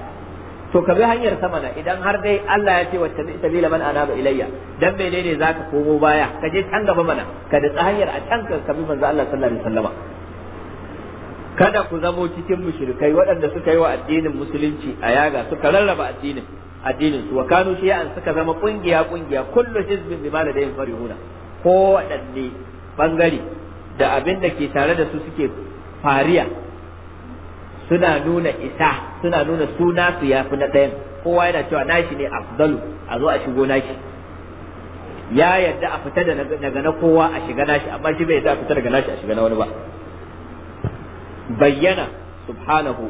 to ka bi hanyar sama na idan har dai Allah ya ce wacce bi sabila man anaba ilayya dan ne zaka komo baya ka je can gaba mana ka da hanyar a can ka bi manzo Allah sallallahu alaihi wasallama kada ku zamo cikin mushrikai waɗanda suka yi wa addinin musulunci a yaga suka rarraba addinin addinin su wa kanu shi'an suka zama kungiya kungiya kullu hizbin bima ladayhim farihuna ko waɗanne bangare da abin da ke tare da su suke fariya suna nuna isa suna nuna suna su fi na ɗayan kowa yana cewa nashi ne afdalu a zo a shigo nashi ya yadda a fita daga na kowa a shiga nashi amma shi bai yadda a fita daga nashi a shiga na wani ba bayyana subhanahu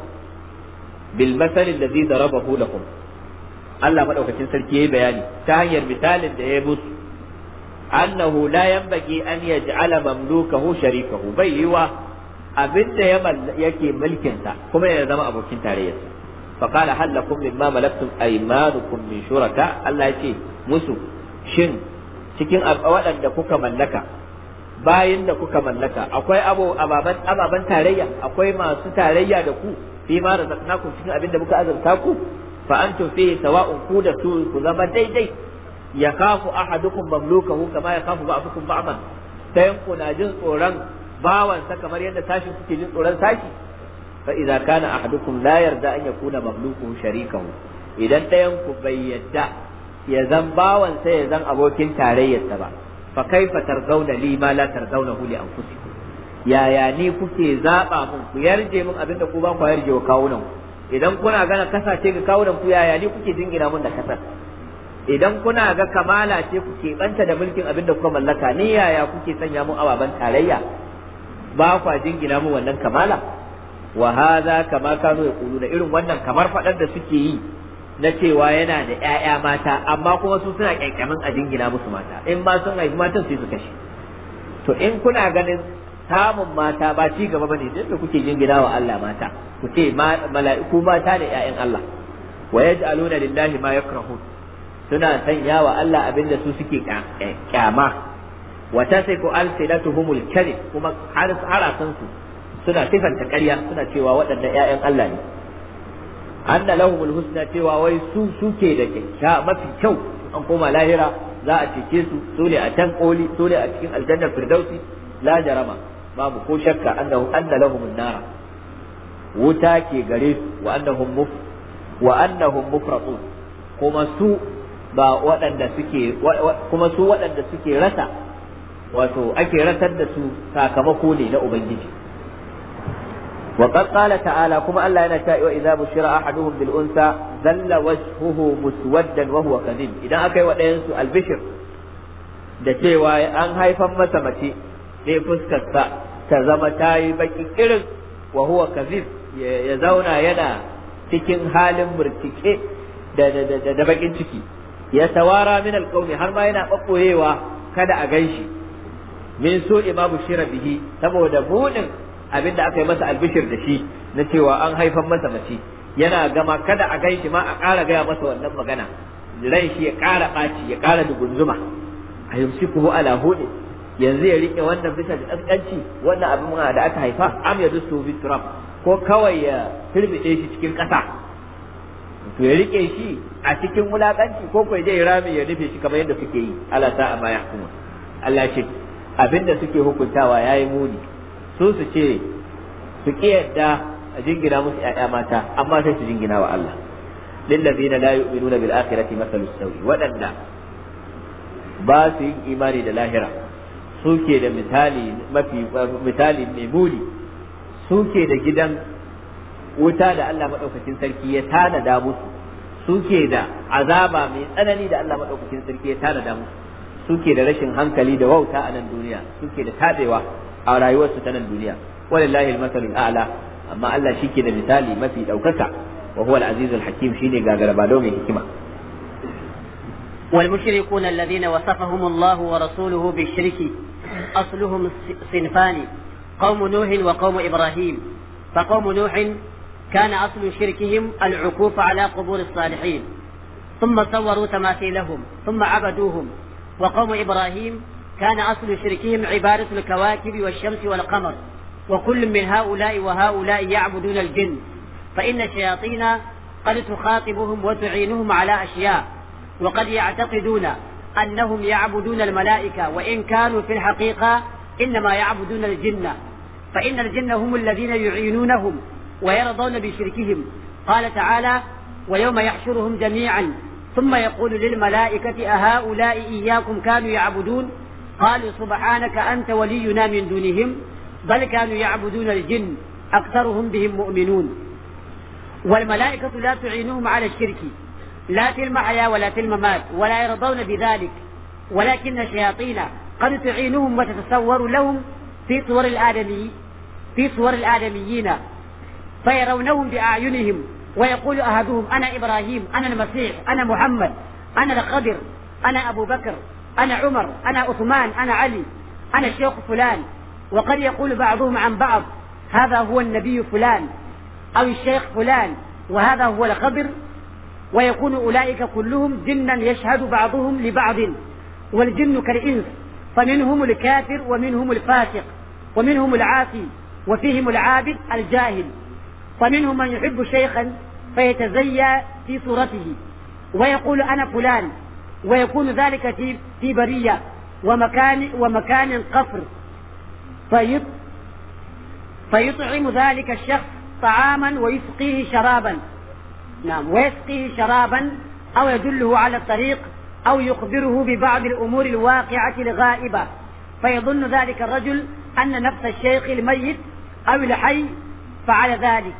bil masalin da zai darabahu lakum Allah madaukakin sarki ya yi bayani ta hanyar misalin da ya musu annahu la yanbaghi an yaj'ala mamlukahu sharikahu bai yiwa abin da yake mulkinsa kuma ya zama abokin tarayyarsa fa qala hal lakum mimma malaktum aymanukum min shuraka Allah ya ce musu shin cikin waɗanda kuka mallaka bayin da kuka mallaka akwai abo ababan tarayya akwai masu tarayya da ku fi ma razaqnakum cikin abin da muka azurta ku fa antum fi sawa'un ku da su ku zama daidai ya kafu ahadukum mamlukahu kama ya kafu ba'dukum ba'dan sayan ku na jin tsoron bawansa kamar yadda sashi suke jin tsoron sashi fa idza kana ahadukum la yarda an yakuna mamlukuhu sharikahu idan ɗayan ku bai yadda ya zan bawansa ya zan abokin tarayyarsa ba fa kaifa tarzauna li ma la tarzaunahu li anfusikum yaya ni kuke zaba mun ku yarje mun abinda ku ba ku yarje wa kawunan idan kuna gana ce ga kawunan ku yaya ni kuke jingina mun da kasar idan kuna ga kamala ce ku keɓanta da mulkin abin da kuka mallaka ni yaya kuke sanya mun ababen tarayya ba kwa jingina mu wannan kamala wa hadha kama kanu yaquluna irin wannan kamar fadar da suke yi na cewa yana da 'ya'ya mata amma kuma su suna kyakkyamin a jingina musu mata in ma sun haifi matan sai su kashe to in kuna ganin samun mata ba ci gaba bane din da kuke jingina wa Allah mata ku ce mala'iku mata da ƴaƴan Allah wa yaj'aluna lillahi ma yakrahun suna sanya wa Allah abinda su suke kyama wa tasiku alsinatuhumul kadhib kuma har harafin su suna sifanta ƙarya suna cewa waɗannan yayan Allah ne anna lahumul husna cewa wai su suke da kyakkya mafi kyau an koma lahira za a cike su su ne a can koli su a cikin aljannar firdausi la jarama babu ko shakka annahu anna nara wuta ke gare su wa annahum muf wa kuma su waɗanda suke kuma su waɗanda suke rasa wato ake ratar da su sakamako ne na ubangiji wa ta'ala kuma Allah yana cewa idza bushira ahaduhum bil unsa dalla wajhuhu muswaddan wa huwa kadhib idan aka yi wa ɗayan su albishir da cewa an haifar masa mace ne fuskarsa ta zama ta yi baki irin wa huwa ya zauna yana cikin halin murtike da baƙin ciki ya tawara min alqawmi har ma yana ɓaɓɓoyewa kada a gan min so imamu shira bihi saboda buɗin abin da aka yi masa albishir da shi na cewa an haifan masa mace yana gama kada a gaishe ma a ƙara gaya masa wannan magana ran shi ya ƙara ɓaci ya ƙara dugunzuma a yamsi kuhu ala hudu yanzu ya riƙe wannan bisa da ƙasƙanci wannan abin da aka haifa am ya dusu bi turab ko kawai ya firbiɗe shi cikin ƙasa to ya riƙe shi a cikin wulaƙanci ko kai ya je ya rame ya rufe shi kamar yadda suke yi ala sa'a ma kuma, Allah ce abinda suke hukuntawa yayi muni su su ce su kiyarda a jingina musu ƴaƴa mata amma sai su jingina wa Allah lillazina la yu'minuna bil akhirati masalu sawi waɗanda ba su yin imani da lahira suke da misali mafi misali mai muni suke da gidan wuta da Allah madaukakin sarki ya tanada musu suke da azaba mai tsanani da Allah madaukakin sarki ya tanada musu suke da rashin hankali da wauta a nan duniya suke da tabewa a rayuwarsu ta nan duniya walillahi almasalul a'la amma Allah shi ke da misali mafi daukaka wa huwa al aziz al hakim shine da mai hikima والمشركون الذين وصفهم الله ورسوله بالشرك أصلهم صنفان قوم نوح وقوم إبراهيم فقوم نوح كان أصل شركهم العكوف على قبور الصالحين ثم صوروا تماثيلهم ثم عبدوهم وقوم إبراهيم كان أصل شركهم عبادة الكواكب والشمس والقمر وكل من هؤلاء وهؤلاء يعبدون الجن فإن الشياطين قد تخاطبهم وتعينهم على أشياء وقد يعتقدون أنهم يعبدون الملائكة وإن كانوا في الحقيقة إنما يعبدون الجن فإن الجن هم الذين يعينونهم ويرضون بشركهم قال تعالى ويوم يحشرهم جميعا ثم يقول للملائكة أهؤلاء إياكم كانوا يعبدون قالوا سبحانك أنت ولينا من دونهم بل كانوا يعبدون الجن أكثرهم بهم مؤمنون والملائكة لا تعينهم على الشرك لا في المحيا ولا في الممات ولا يرضون بذلك ولكن الشياطين قد تعينهم وتتصور لهم في صور الآدمي في صور الآدميين فيرونهم بأعينهم ويقول أحدهم أنا إبراهيم أنا المسيح أنا محمد أنا الخضر أنا أبو بكر أنا عمر أنا عثمان أنا علي أنا الشيخ فلان وقد يقول بعضهم عن بعض هذا هو النبي فلان أو الشيخ فلان وهذا هو الخضر ويكون أولئك كلهم جنا يشهد بعضهم لبعض والجن كالإنس فمنهم الكافر ومنهم الفاسق ومنهم العاصي وفيهم العابد الجاهل فمنهم من يحب شيخا فيتزيا في صورته ويقول أنا فلان ويكون ذلك في في برية ومكان ومكان قصر فيط فيطعم ذلك الشخص طعاما ويسقيه شرابا نعم ويسقيه شرابا أو يدله على الطريق أو يخبره ببعض الأمور الواقعة الغائبة فيظن ذلك الرجل أن نفس الشيخ الميت أو الحي فعل ذلك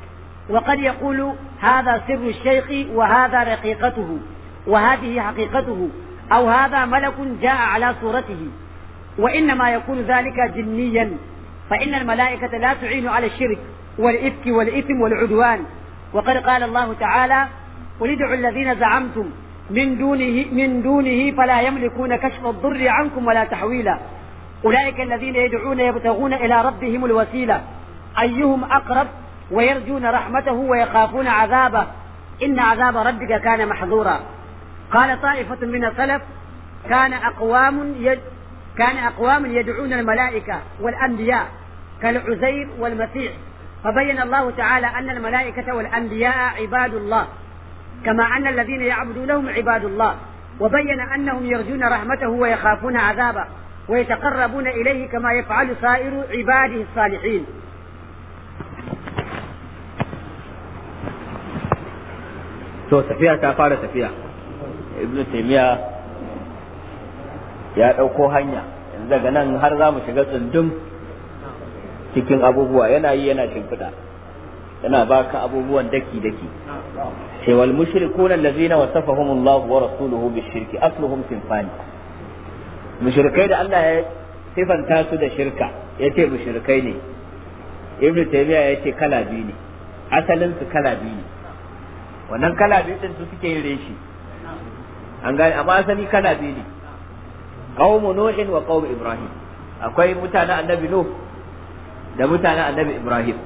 وقد يقول هذا سر الشيخ وهذا رقيقته وهذه حقيقته أو هذا ملك جاء على صورته وإنما يكون ذلك جنيا فإن الملائكة لا تعين على الشرك والإفك والإثم والعدوان وقد قال الله تعالى قل ادعوا الذين زعمتم من دونه من دونه فلا يملكون كشف الضر عنكم ولا تحويلا أولئك الذين يدعون يبتغون إلى ربهم الوسيلة أيهم أقرب ويرجون رحمته ويخافون عذابه إن عذاب ربك كان محظورا قال طائفة من السلف كان أقوام يد كان أقوام يدعون الملائكة والأنبياء كالعزير والمسيح فبين الله تعالى أن الملائكة والأنبياء عباد الله كما أن الذين يعبدونهم عباد الله وبين أنهم يرجون رحمته ويخافون عذابه ويتقربون إليه كما يفعل سائر عباده الصالحين to tafiya ta fara tafiya ibn taymiya ya ɗauko hanya yanzu daga nan har za mu shiga tsundum cikin abubuwa yana yi yana shimfiɗa yana baka abubuwan daki daki ce wal mushrikuna allazina wasafahum Allah wa rasuluhu bishirki asluhum sinfani mushrikai da Allah ya sifanta su da shirka yace mushrikai ne ibn taymiya yace kala biyu ne asalin su kala biyu ne wannan kala biyu din su suke yin reshi an gani amma asali kala biyu ne qaumu nuhin wa qaumu ibrahim akwai mutanen annabi nuh da mutanen annabi ibrahim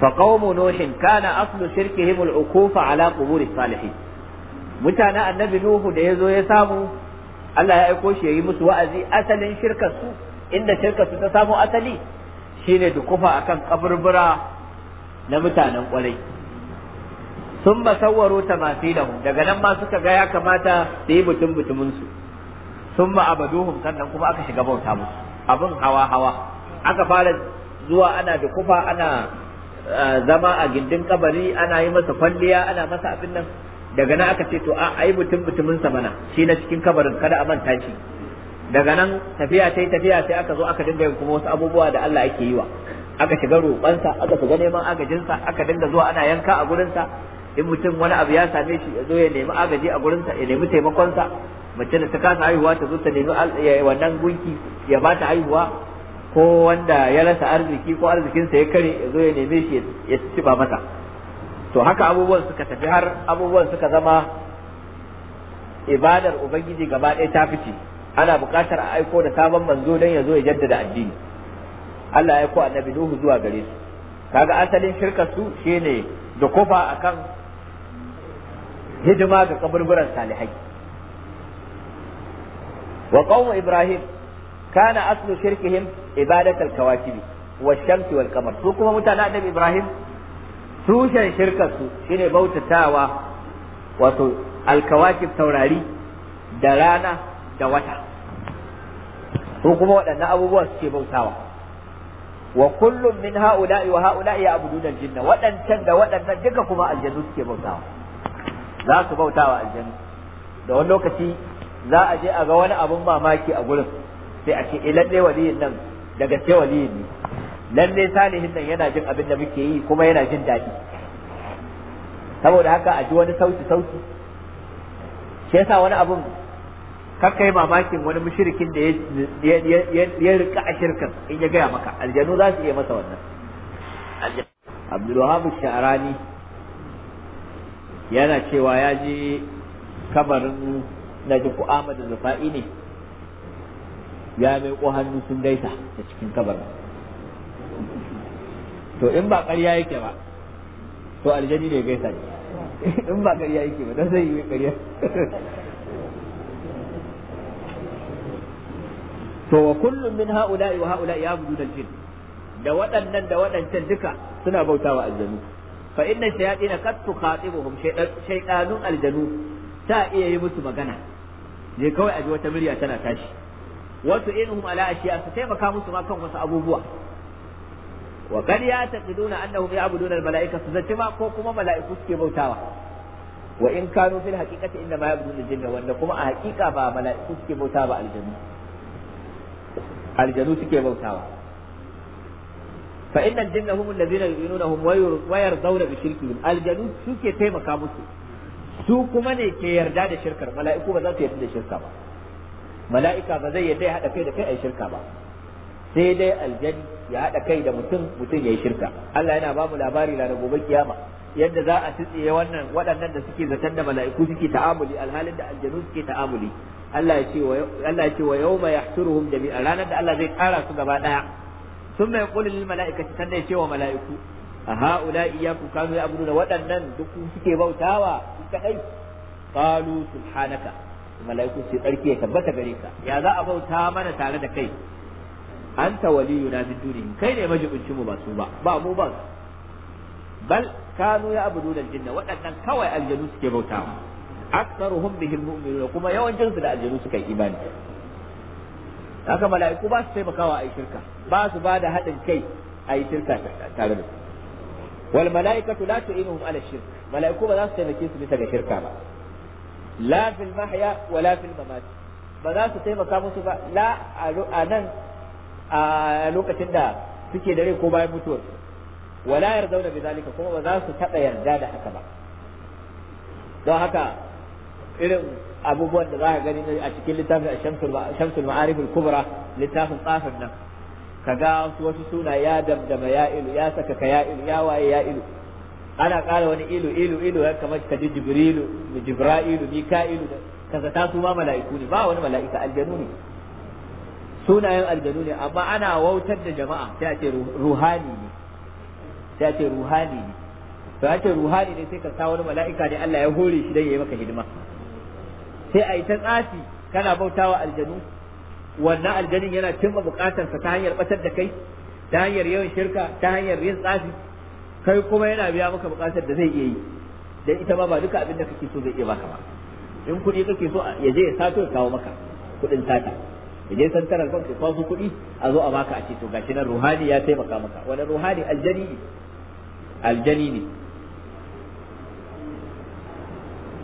fa qaumu nuhin kana aslu shirkihim al-ukufa ala quburi salihin mutanen annabi nuhu da yazo ya samu Allah ya aiko shi yayi musu wa'azi asalin shirkar su inda shirkar su ta samu asali shine dukufa akan kaburbura na mutanen kwarai sun masawwaro tamasilahu daga nan ma suka ga ya kamata da yi mutum mutumin su sun ma'abaduhum sannan kuma aka shiga bauta musu abin hawa hawa aka fara zuwa ana da kufa ana zama a gindin kabari ana yi masa kwalliya ana masa abin nan daga nan aka ce to a ai mutum mutumin sa mana shi na cikin kabarin kada a manta shi daga nan tafiya sai tafiya sai aka zo aka dinga yin kuma wasu abubuwa da Allah yake yi wa aka shiga roƙonsa aka shiga neman agajinsa aka dinga zuwa ana yanka a gurinsa in mutum wani abu ya same shi ya zo ya nemi agaji a gurinsa ya nemi taimakonsa mace da ta kasa haihuwa ta zo ta nemi wannan gunki ya ba ta haihuwa ko wanda ya rasa arziki ko arzikinsa ya kare ya zo ya neme shi ya ci ba masa to haka abubuwan suka tafi har abubuwan suka zama ibadar ubangiji gaba ɗaya ta fice ana buƙatar a aiko da sabon manzo don ya zo ya jaddada addini Allah ya aiko annabi Nuhu zuwa gare su kaga asalin shirkar su shine da kofa akan hidima ga kaburburan salihai wa qawmu ibrahim kana aslu shirkihim ibadatul kawakib wa shamsi wal qamar su kuma mutanen annabi ibrahim tushen shirkar shine bautatawa wato alkawakib taurari da rana da wata su kuma waɗannan abubuwa suke bautawa wa kullum min ha'ula'i wa jinna waɗancan da waɗannan duka kuma aljannu suke bautawa za su bauta wa aljanu da wani lokaci za a je a ga wani abun mamaki a gurin sai a ce ilalle eh, waliyin nan da gaske waliyin ne lalle salihin nan yana jin abin da muke yi kuma yana jin daɗi saboda haka a ji wani sauti sauti shi yasa wani abun kakka yi mamakin wani mushrikin da ya rika a shirkan in ya gaya maka aljanu za su iya masa wannan Abdulwahab Sha'rani yana cewa ya je kabarin na ji ku da Rufa'i ne ya mai hannu sun gaisa a cikin kabarin to in ba ƙarya yake ba to aljani ne gaisa ne in ba ƙarya yake ba don zai yi ƙarya to wa kullum min ha'ula'i wa ha'ula'i ya budu da jin da waɗannan da waɗancan duka suna bautawa aljanu fa inna shayatin qad tukhatibuhum shaytanun aljanu ta iya yi musu magana je kawai a ji wata murya tana tashi wasu inhum ala ashiya su taimaka musu ma wasu abubuwa wa qad yataqiduna annahum ya'buduna al-mala'ika su zaci ma ko kuma mala'iku suke bautawa wa in kanu fil haqiqati inna ma ya'buduna jinna wanda kuma a haqiqa ba mala'iku suke bautawa ba aljanu aljanu suke bautawa fa innal jinna hum allazina yu'minunahum wa yardawna bi shirkihim aljanu suke taimaka musu su kuma ne ke yarda da shirkar mala'iku ba za su yarda da shirka ba mala'ika ba zai yarda ya kai da kai a shirka ba sai dai aljani ya kai da mutum mutum ya yi shirka Allah yana ba mu labari la gobe kiyama yadda za a tsitsiye wannan waɗannan da suke zaton da mala'iku suke ta'amuli alhalin da aljanu suke ta'amuli Allah ya ce wa Allah ya ce wa yawma yahsuruhum jami'a ranar da Allah zai kara su gaba daya ثم يقول للملائكة سنة شوى ملائكة هؤلاء إياكم كانوا يعبدون ودنن دكم سكي بوتاوا كدي قالوا سبحانك ملائكة سيطركي يثبت غريكا يا ذا أبوتا من تعالى كي أنت ولينا من دونهم كي نمجب انشموا باسوبا بأمو باس بل كانوا يعبدون الجنة ودنن كوي الجنوس كي بوتاوا أكثرهم به المؤمنون كما يوان جنس الجنوس كي إيمانك haka mala'iku ba su taimakawa a yi shirka ba su ba da haɗin kai a yi shirka tare da su wal mala'ikatu la tu'inuhum ala shirk mala'iku ba za su taimake su bisa ga shirka ba la fil mahya wa la fil mamat ba za su taimaka musu ba la a nan a lokacin da suke dare ko bayan mutuwar wala yardauna bi zalika kuma ba za su taɓa yarda da haka ba don haka irin abubuwan da za ka gani a cikin littafin shamsul ma'arifin kubra littafin tsafin nan ka ga wasu suna ya damdama ya ilu ya saka ka ya ilu ya waye ya ilu ana ƙara wani ilu ilu ilu ya kamar ka ji jibrilu jibra'ilu mika'ilu ka zata su ma mala'iku ne ba wani mala'ika aljanu ne sunayen aljanu ne amma ana wautar da jama'a sai a ce ruhani ne sai a ce ruhani ne to a ce ruhani ne sai ka sa wani mala'ika ne Allah ya hore shi dan yayi maka hidima sai a yi ta tsafi kana bautawa aljanu wannan aljanin yana cimma bukatarsa ta hanyar batar da kai ta hanyar yawan shirka ta hanyar yin tsafi kai kuma yana biya maka bukatar da zai iya yi dan ita ma ba duka abin da kake so zai iya baka ba in kuɗi kake so ya je ya sato ya kawo maka kuɗin sata ya je santarar bank ya kwaso kuɗi a zo a baka a ce to gashi nan ruhani ya taimaka maka wani ruhani aljani ne aljani ne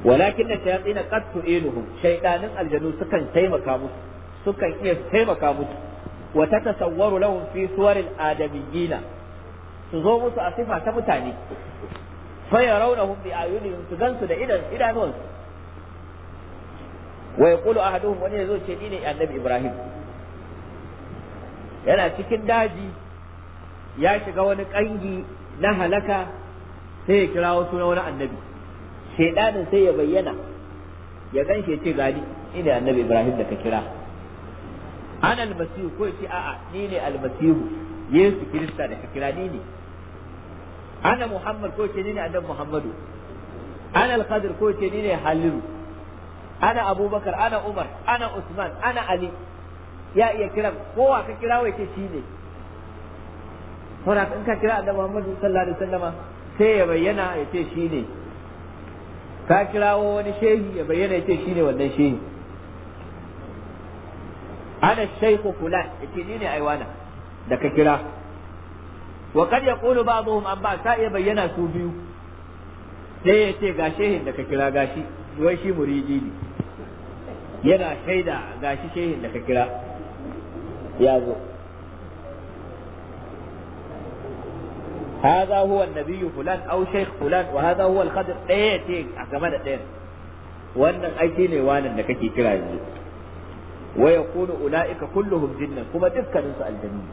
walakin da shayatin qad tu'inuhum shaydanin aljanu sukan taimaka musu sukan iya taimaka musu wa tatasawwaru lahum fi suwaril adamiyina su zo musu a sifa ta mutane fa yarawnahum bi ayunihim su gansu da idan idanuwansu wa yaqulu ahaduhum wani yazo ce ni ne annabi ibrahim yana cikin daji ya shiga wani kangi na halaka sai ya kirawo sunan wani annabi shaidanin sai ya bayyana ya gan shi ce gani ina annabi ibrahim da ka kira ana almasihu ko ce a'a ni ne almasihu yesu kirista da ka kira ni ne ana muhammad ko ce ni ne annabi muhammadu ana alqadir ko ce ni ne halilu ana abubakar ana umar ana usman ana ali ya iya kira kowa ka kira wai ce shi ne saboda kan ka kira annabi muhammadu sallallahu alaihi wasallama sai ya bayyana ya ce shi ne ka kirawo wani shehi ya bayyana yace shine wannan shehi ana shaykhu kula yace ni ne aiwana da ka kira wa kad yaqulu ba'dhum an ba ta iya bayyana su biyu sai ya ce ga shehin da ka kira gashi wai shi muridi ne yana shaida gashi shehin da ka kira ya zo هذا هو النبي فلان أو شيخ فلان وهذا هو الخضر ɗaya ce a game da ɗayan wannan aiki ne wanan da kake kira yanzu wa yakunu ulaika kulluhum jinnan kuma dukkanin su aljanni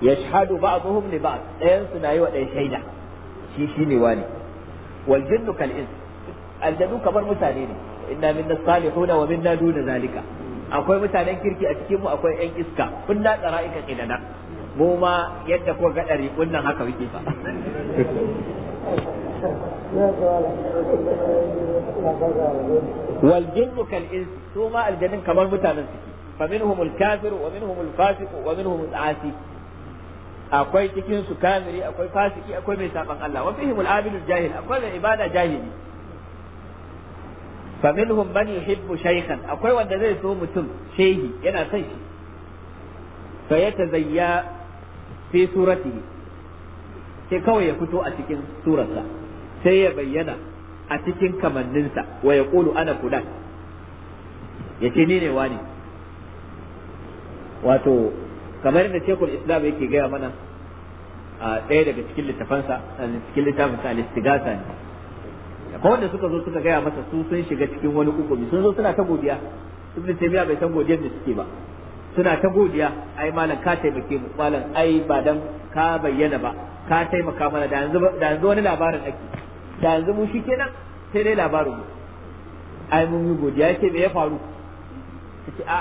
yashhadu ba'dhum li ba'd ɗayan su nayi ɗaya shaida shi shine wani wal jinnu kal ins aljannu kamar mutane ne inna minna salihuna wa minna duna zalika akwai mutanen kirki a cikinmu akwai yan iska kunna tsara'ika qidana mu ma yadda kuka ga ɗari nan haka muke fa wal jinnu kal insi su ma aljanin kamar mutanen suke fa minhum al kafir wa minhum al fasiq wa minhum al asi akwai cikin kamiri akwai fasiki akwai mai saban Allah wa fihim al abid al jahil akwai mai ibada jahili akwai wanda zai so mutum shehi yana son shi fa zayya. fi surati sai kawai ya fito a cikin surarsa sai ya bayyana a cikin kamanninsa wa ya kulu ana fulan ya ce ni ne wani wato kamar da shekul islam yake gaya mana a ɗaya daga cikin littafansa cikin littafinsa a listigasa ne kawai da suka zo suka gaya masa su sun shiga cikin wani ukumi sun zo suna ta godiya ibn taymiya bai san godiyar da suke ba suna ta godiya ai malam ka taimake mu malam ai ba dan ka bayyana ba ka taimaka mana da yanzu da yanzu wani labarin ake da yanzu mu shikenan sai dai labarin mu ai mun yi godiya yake me ya faru sai a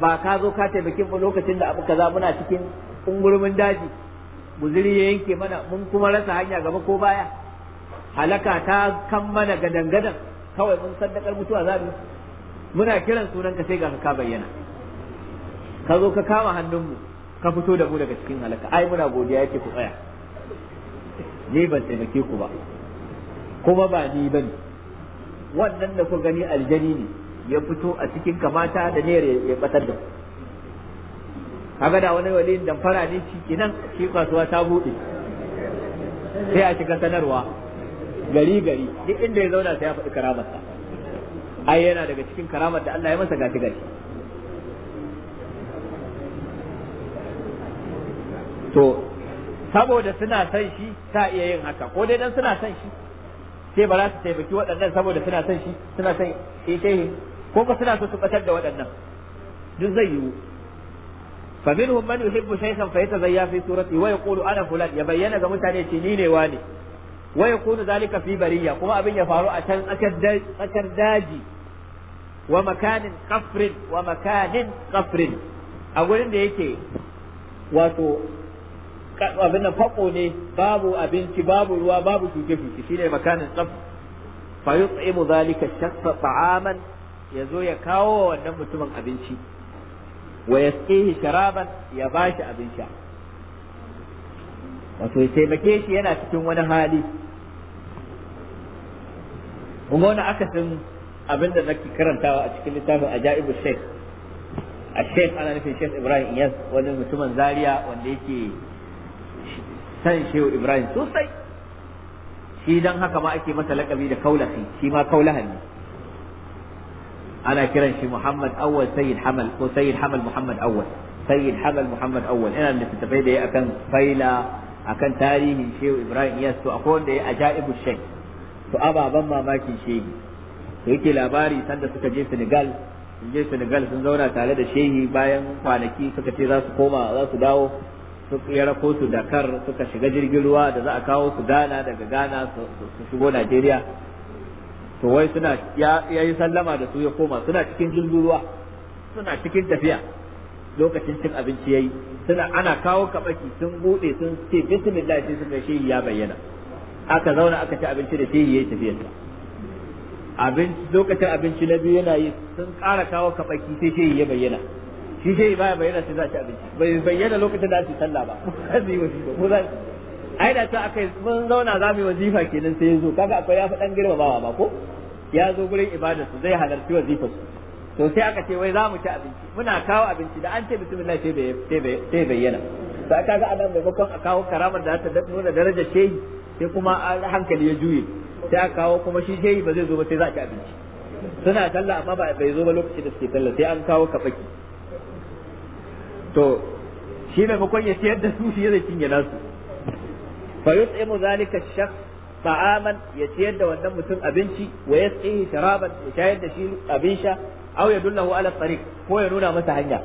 ba ka zo ka taimake mu lokacin da abu kaza muna cikin ungurumin daji guzuri ya yanke mana mun kuma rasa hanya gaba ko baya halaka ta kan mana gadan gadan kawai mun sadakar mutuwa zabi muna kiran sunan ka sai ga ka bayyana ka zo ka kama hannunmu ka fito da mu daga cikin halaka ai muna godiya yake ku tsaya ni ban taimake ku ba kuma ba ni ban wannan da ku gani aljani ne ya fito a cikin kamata da ne ya batar da kaga da wani waliyin fara ne shi kenan shi kasuwa ta buɗe sai a shiga sanarwa gari gari duk inda ya zauna sai ya faɗi karamarsa ai yana daga cikin karamar da Allah ya masa gashi gashi to saboda suna son shi ta iya yin haka ko dai dan suna son shi sai ba za su taimaki waɗannan saboda suna son shi suna son shehin ko ko suna so su batar da waɗannan duk zai yiwu فمنهم من يحب شيخا فيتزيا في صورته ana انا ya bayyana ga mutane ce ni ne wani wa yakunu zalika fi bariya kuma abin ya faru a can akar daji wa makanin qafrin wa makanin qafrin a gurin da yake wato abin nan fako ne babu abinci babu ruwa babu shuke shuke shine makanin tsaf fa yut'imu zalika shakhsa ta'aman yazo ya kawo wannan mutumin abinci wa yasqihi sharaban ya bashi abin sha wato ya taimake shi yana cikin wani hali kuma wani akasin abin da nake karantawa a cikin littafin ajaibu sheikh a sheikh ana nufin sheikh ibrahim iyas wani mutumin zaria wanda yake san shehu ibrahim sosai shi don haka ma ake masa lakabi da kaulafi shi ma kaulahan ne ana kiran shi muhammad Awal sayyid hamal ko sayyid hamal muhammad Awal sayyid hamal muhammad Awal ina da tafai da ya akan faila akan tarihin shehu ibrahim yas to akwai wanda ya ajaibu shay to ababan mamakin shehi to yake labari sanda suka je senegal sun je senegal sun zauna tare da shehi bayan kwanaki suka ce za su koma za su dawo ya rako su Dakar suka shiga jirgin ruwa da za a kawo su Ghana daga Ghana su shigo Najeriya to wai suna ya yi sallama da su ya koma suna cikin jirgin ruwa suna cikin tafiya lokacin cin abinci yayi suna ana kawo kabaki sun bude sun ce bismillah sai suka shi ya bayyana aka zauna aka ci abinci da shehi yayi tafiya abinci lokacin abinci na biyu yana yi sun ƙara kawo kabaki sai sai ya bayyana shi sai baya bayyana sai za ci abinci bai bayyana lokacin da ake sallah ba kazi wasi ba ko za ai da ta akai mun zauna za mu yi wazifa kenan sai zo kaga akwai ya faɗan girma ba ko ya zo gurin ibada su zai halarci wazifar su to sai aka ce wai za mu ci abinci muna kawo abinci da an ce bismillah sai bai sai bayyana to aka ga anan maimakon a kawo karamar da ta nuna darajar shehi sai kuma hankali ya juye sai aka kawo kuma shi shehi ba zai zo ba sai za a ci abinci suna sallah amma bai zo ba lokacin da suke sallah sai an kawo kafaki to shi makon ya ciyar da su shi zai cinye nasu fa yut'imu zalika shakhs ta'aman ya ciyar da wannan mutum abinci wa yasqihi sharaban ya shayar da shi abin sha aw yadullahu ala tariq ko ya nuna masa hanya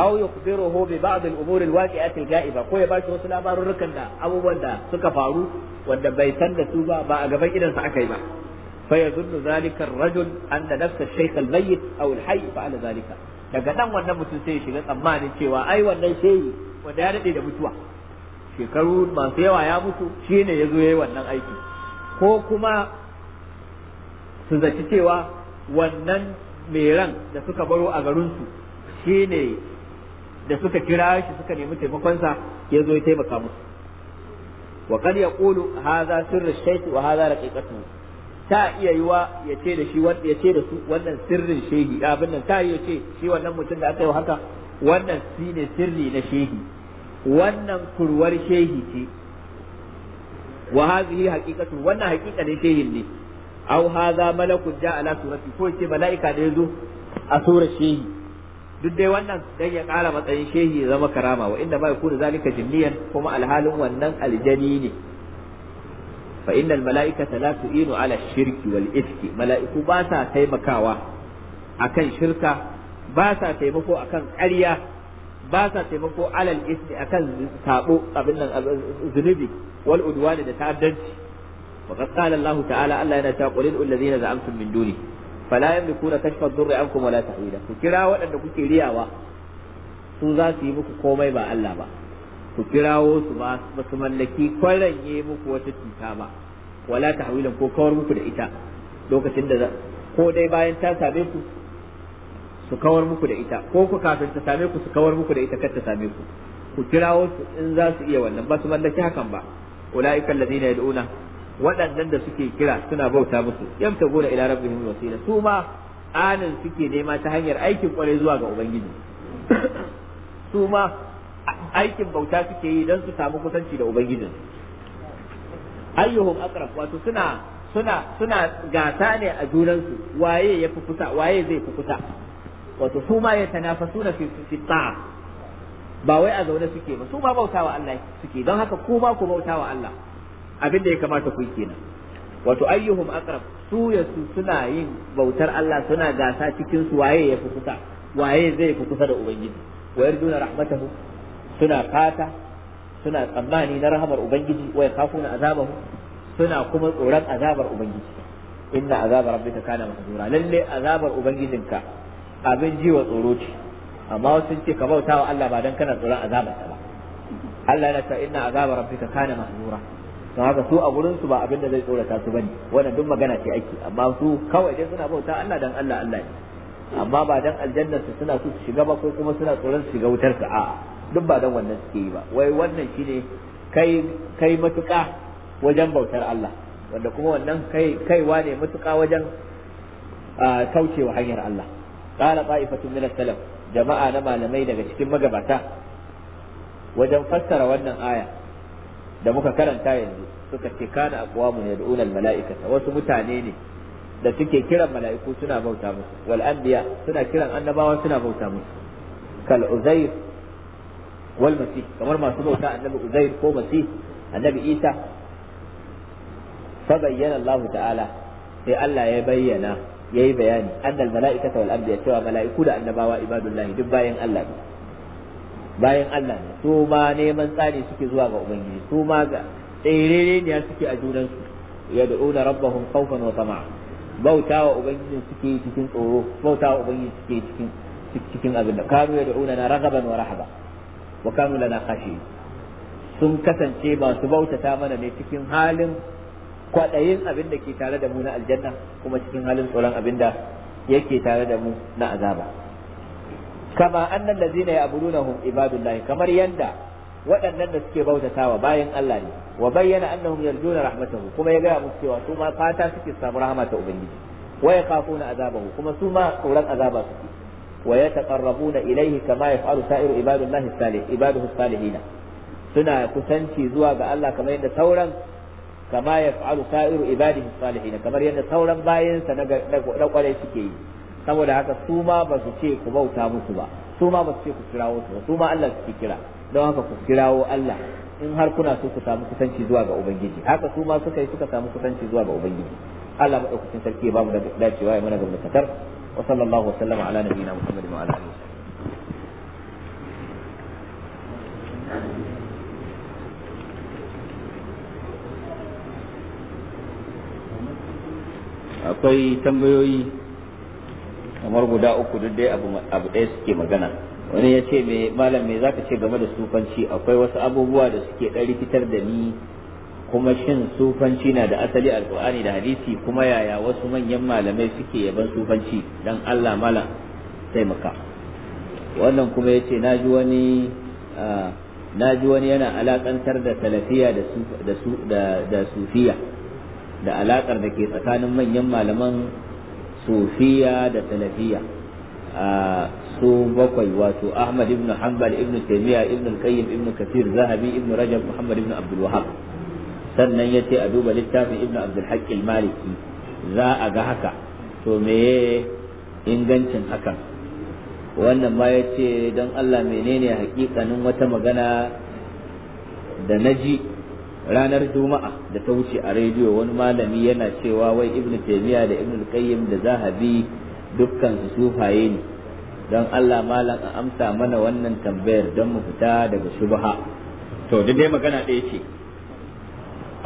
aw yukhbiruhu bi ba'd al-umur al-waqi'ati al-ga'iba ko ya bashi wasu labarurrukan da abubuwan da suka faru wanda bai san da su ba ba a gaban idansa aka yi ba فيظن ذلك الرجل أن نفس الشيخ الميت أو الحي فعل ذلك daga ɗan wannan mutum sai ya shiga tsammanin cewa ai wannan shehi wanda ya daɗe da mutuwa shekaru masu yawa ya mutu shi ne ya ya yi wannan aiki ko kuma su zaci cewa wannan mai ran da suka baro a garinsu shi ne da suka kira shi suka nemi taimakonsa ya zo ya taimaka musu wa kad yaqulu hadha sirru shaykh wa hadha raqiqatu ta iya wa ya ce da shi wanda ya ce da su wannan sirrin shehi abin nan ta iya ce shi wannan mutum da aka yi haka wannan shi ne sirri na shehi wannan kurwar shehi ce wa hazihi haqiqatu wannan haqiqa ne shehin ne aw hadha malaku ja'a ala surati ko ce mala'ika da yazo a surar shehi duk dai wannan dan ya kara matsayin shehi ya zama karama wa inda ba da zalika jinniyan kuma alhalin wannan aljani ne fa mala'ika mala'ikata la tu'inu ala shirki wal ifki mala'iku ba sa taimakawa akan shirka ba sa taimako akan ƙarya ba sa taimako alal ismi akan sabo abin da ta'addanci وقد قال الله تعالى ألا ينتهى الذين زعمتم من دونه فلا يملكون كشف الضر عنكم ولا تحويلا كلا وأن su zasu yi muku komai ba Allah ba ku kirawo su ba su mallaki kwaranye muku wata cuta ba wala hawilan ko kawar muku da ita lokacin da ko dai bayan ta same ku su kawar muku da ita ko ku kafin ta same ku su kawar muku da ita kar ta same ku ku kirawo su in za su iya wannan ba su mallaki hakan ba ulaika alladhina yad'una waɗannan da suke kira suna bauta musu yamtaguna ila rabbihim wasila su ma anan suke nema ta hanyar aikin kwarai zuwa ga ubangiji su ma aikin bauta suke yi don su samu kusanci da ubangijin ayyuhum aqrab wato suna suna suna gasa ne a junansu waye ya fi kusa waye zai fi kusa wato su ma yatanafasuna na fi ta. ba wai a zaune suke ba su ma bautawa Allah suke don haka ku ma ku bautawa Allah abin da ya kamata ku yi kenan wato ayyuhum aqrab su ya su suna yin bautar Allah suna gasa cikin su waye ya fi kusa waye zai fi kusa da ubangiji wa yarjuna rahmatahu suna fata suna tsammani na rahamar ubangiji wa yakhafuna azabahu suna kuma tsoron azabar ubangiji inna azabar rabbika kana mahzura lalle azabar ubangijinka abin ji wa tsoro ce amma wasu ce ka bauta wa Allah ba dan kana tsoron azabarsa ba Allah ya ce inna azabar rabbika kana mahzura don haka su a gurin su ba abin da zai tsorata su bane wannan duk magana ce ake amma su kawai dai suna bauta Allah dan Allah Allah ne amma ba dan aljannar su suna so su shiga ba ko kuma suna tsoron su shiga wutar sa a'a duk ba dan wannan suke yi ba wai wannan shine kai kai matuƙa wajen bautar Allah wanda kuma wannan kai kaiwa ne matuƙa wajen kaucewa hanyar Allah qala qa'ifatun min salaf jama'a na malamai daga cikin magabata wajen fassara wannan aya da muka karanta yanzu suka ce kana aqwamun yad'una al-mala'ikata wasu mutane ne da suke kiran mala'iku suna bauta musu wal anbiya suna kiran annabawa suna bauta musu kal uzair wal masih kamar masu bauta annabi uzair ko masih annabi isa fa bayyana ta'ala sai Allah ya bayyana yayi bayani annal mala'ikata wal anbiya cewa mala'iku da annabawa ibadullahi duk bayan Allah ne bayan Allah ne su ma neman tsari suke zuwa ga ubangiji su ma ga tsirere ne suke a junan su yad'una rabbahum khawfan wa bauta wa ubangiji suke cikin tsoro wa ubangiji suke cikin cikin abin da kanu yad'una na ragaban wa rahaba wa kanu na kashe sun kasance masu bautata mana ne cikin halin kwaɗayin abin da ke tare da mu na aljanna kuma cikin halin tsoron abin da yake tare da mu na azaba kama annal na ya'budunahum ibadullahi kamar yadda waɗannan da suke bautatawa bayan Allah ne wa bayyana annahum yarjuna rahmatahu kuma ya gaya musu cewa su ma fata suke samu rahama ta ubangiji wa yakhafuna azabahu kuma su ma tsoron azaba suke ويتقربون إليه كما يفعل سائر عباد الله الصالح عباده الصالحين سنة كسنتي زوا الله كما يند ثورا كما يفعل سائر عباده الصالحين كما يند ثورا باين سنقل سكي saboda haka su ma ce ku bauta musu ba su ma ce ku kirawo su ba Allah kira ku Allah in har kuna so ku samu kusanci zuwa ga ubangiji haka su ma suka yi suka samu kusanci zuwa ga ubangiji Allah madaukakin sarki ya ba mu dacewa ya mana gaba da وصلى الله وسلم على نبينا محمد وعلى اله alihi akwai tambayoyi kamar guda uku duk dai abu ɗaya suke magana wani ya ce malam me zaka ce game da sufanci akwai wasu abubuwa da suke ɗan rikitar da ni kuma shin sufanci na da asali alkur'ani da hadisi kuma yaya wasu manyan malamai suke yaban sufanci dan Allah mala taimaka wannan kuma yace ce wani ji wani yana alakantar da talafiya da sufiya da alakar da ke tsakanin manyan malaman sufiya da talafiya su bakwai wato Ahmad ibn Hanbal ibn Taymiyyah ibn Qayyim ibn Kathir Zahabi ibn Rajab Muhammad ibn Abdul Wahhab sannan ya ce a duba littafin ibnu abdulhaq maliki za a ga haka to meye ingancin hakan wannan ma ya ce don allah menene hakikanin wata magana da na ji ranar juma'a da ta wuce a rediyo wani malami yana cewa wai ibnu taimiya da ibnu qayyim da zahabi dukkan su sufaye ne don allah malam a amsa mana wannan tambayar don mu fita daga shubha to dai magana ɗaya ce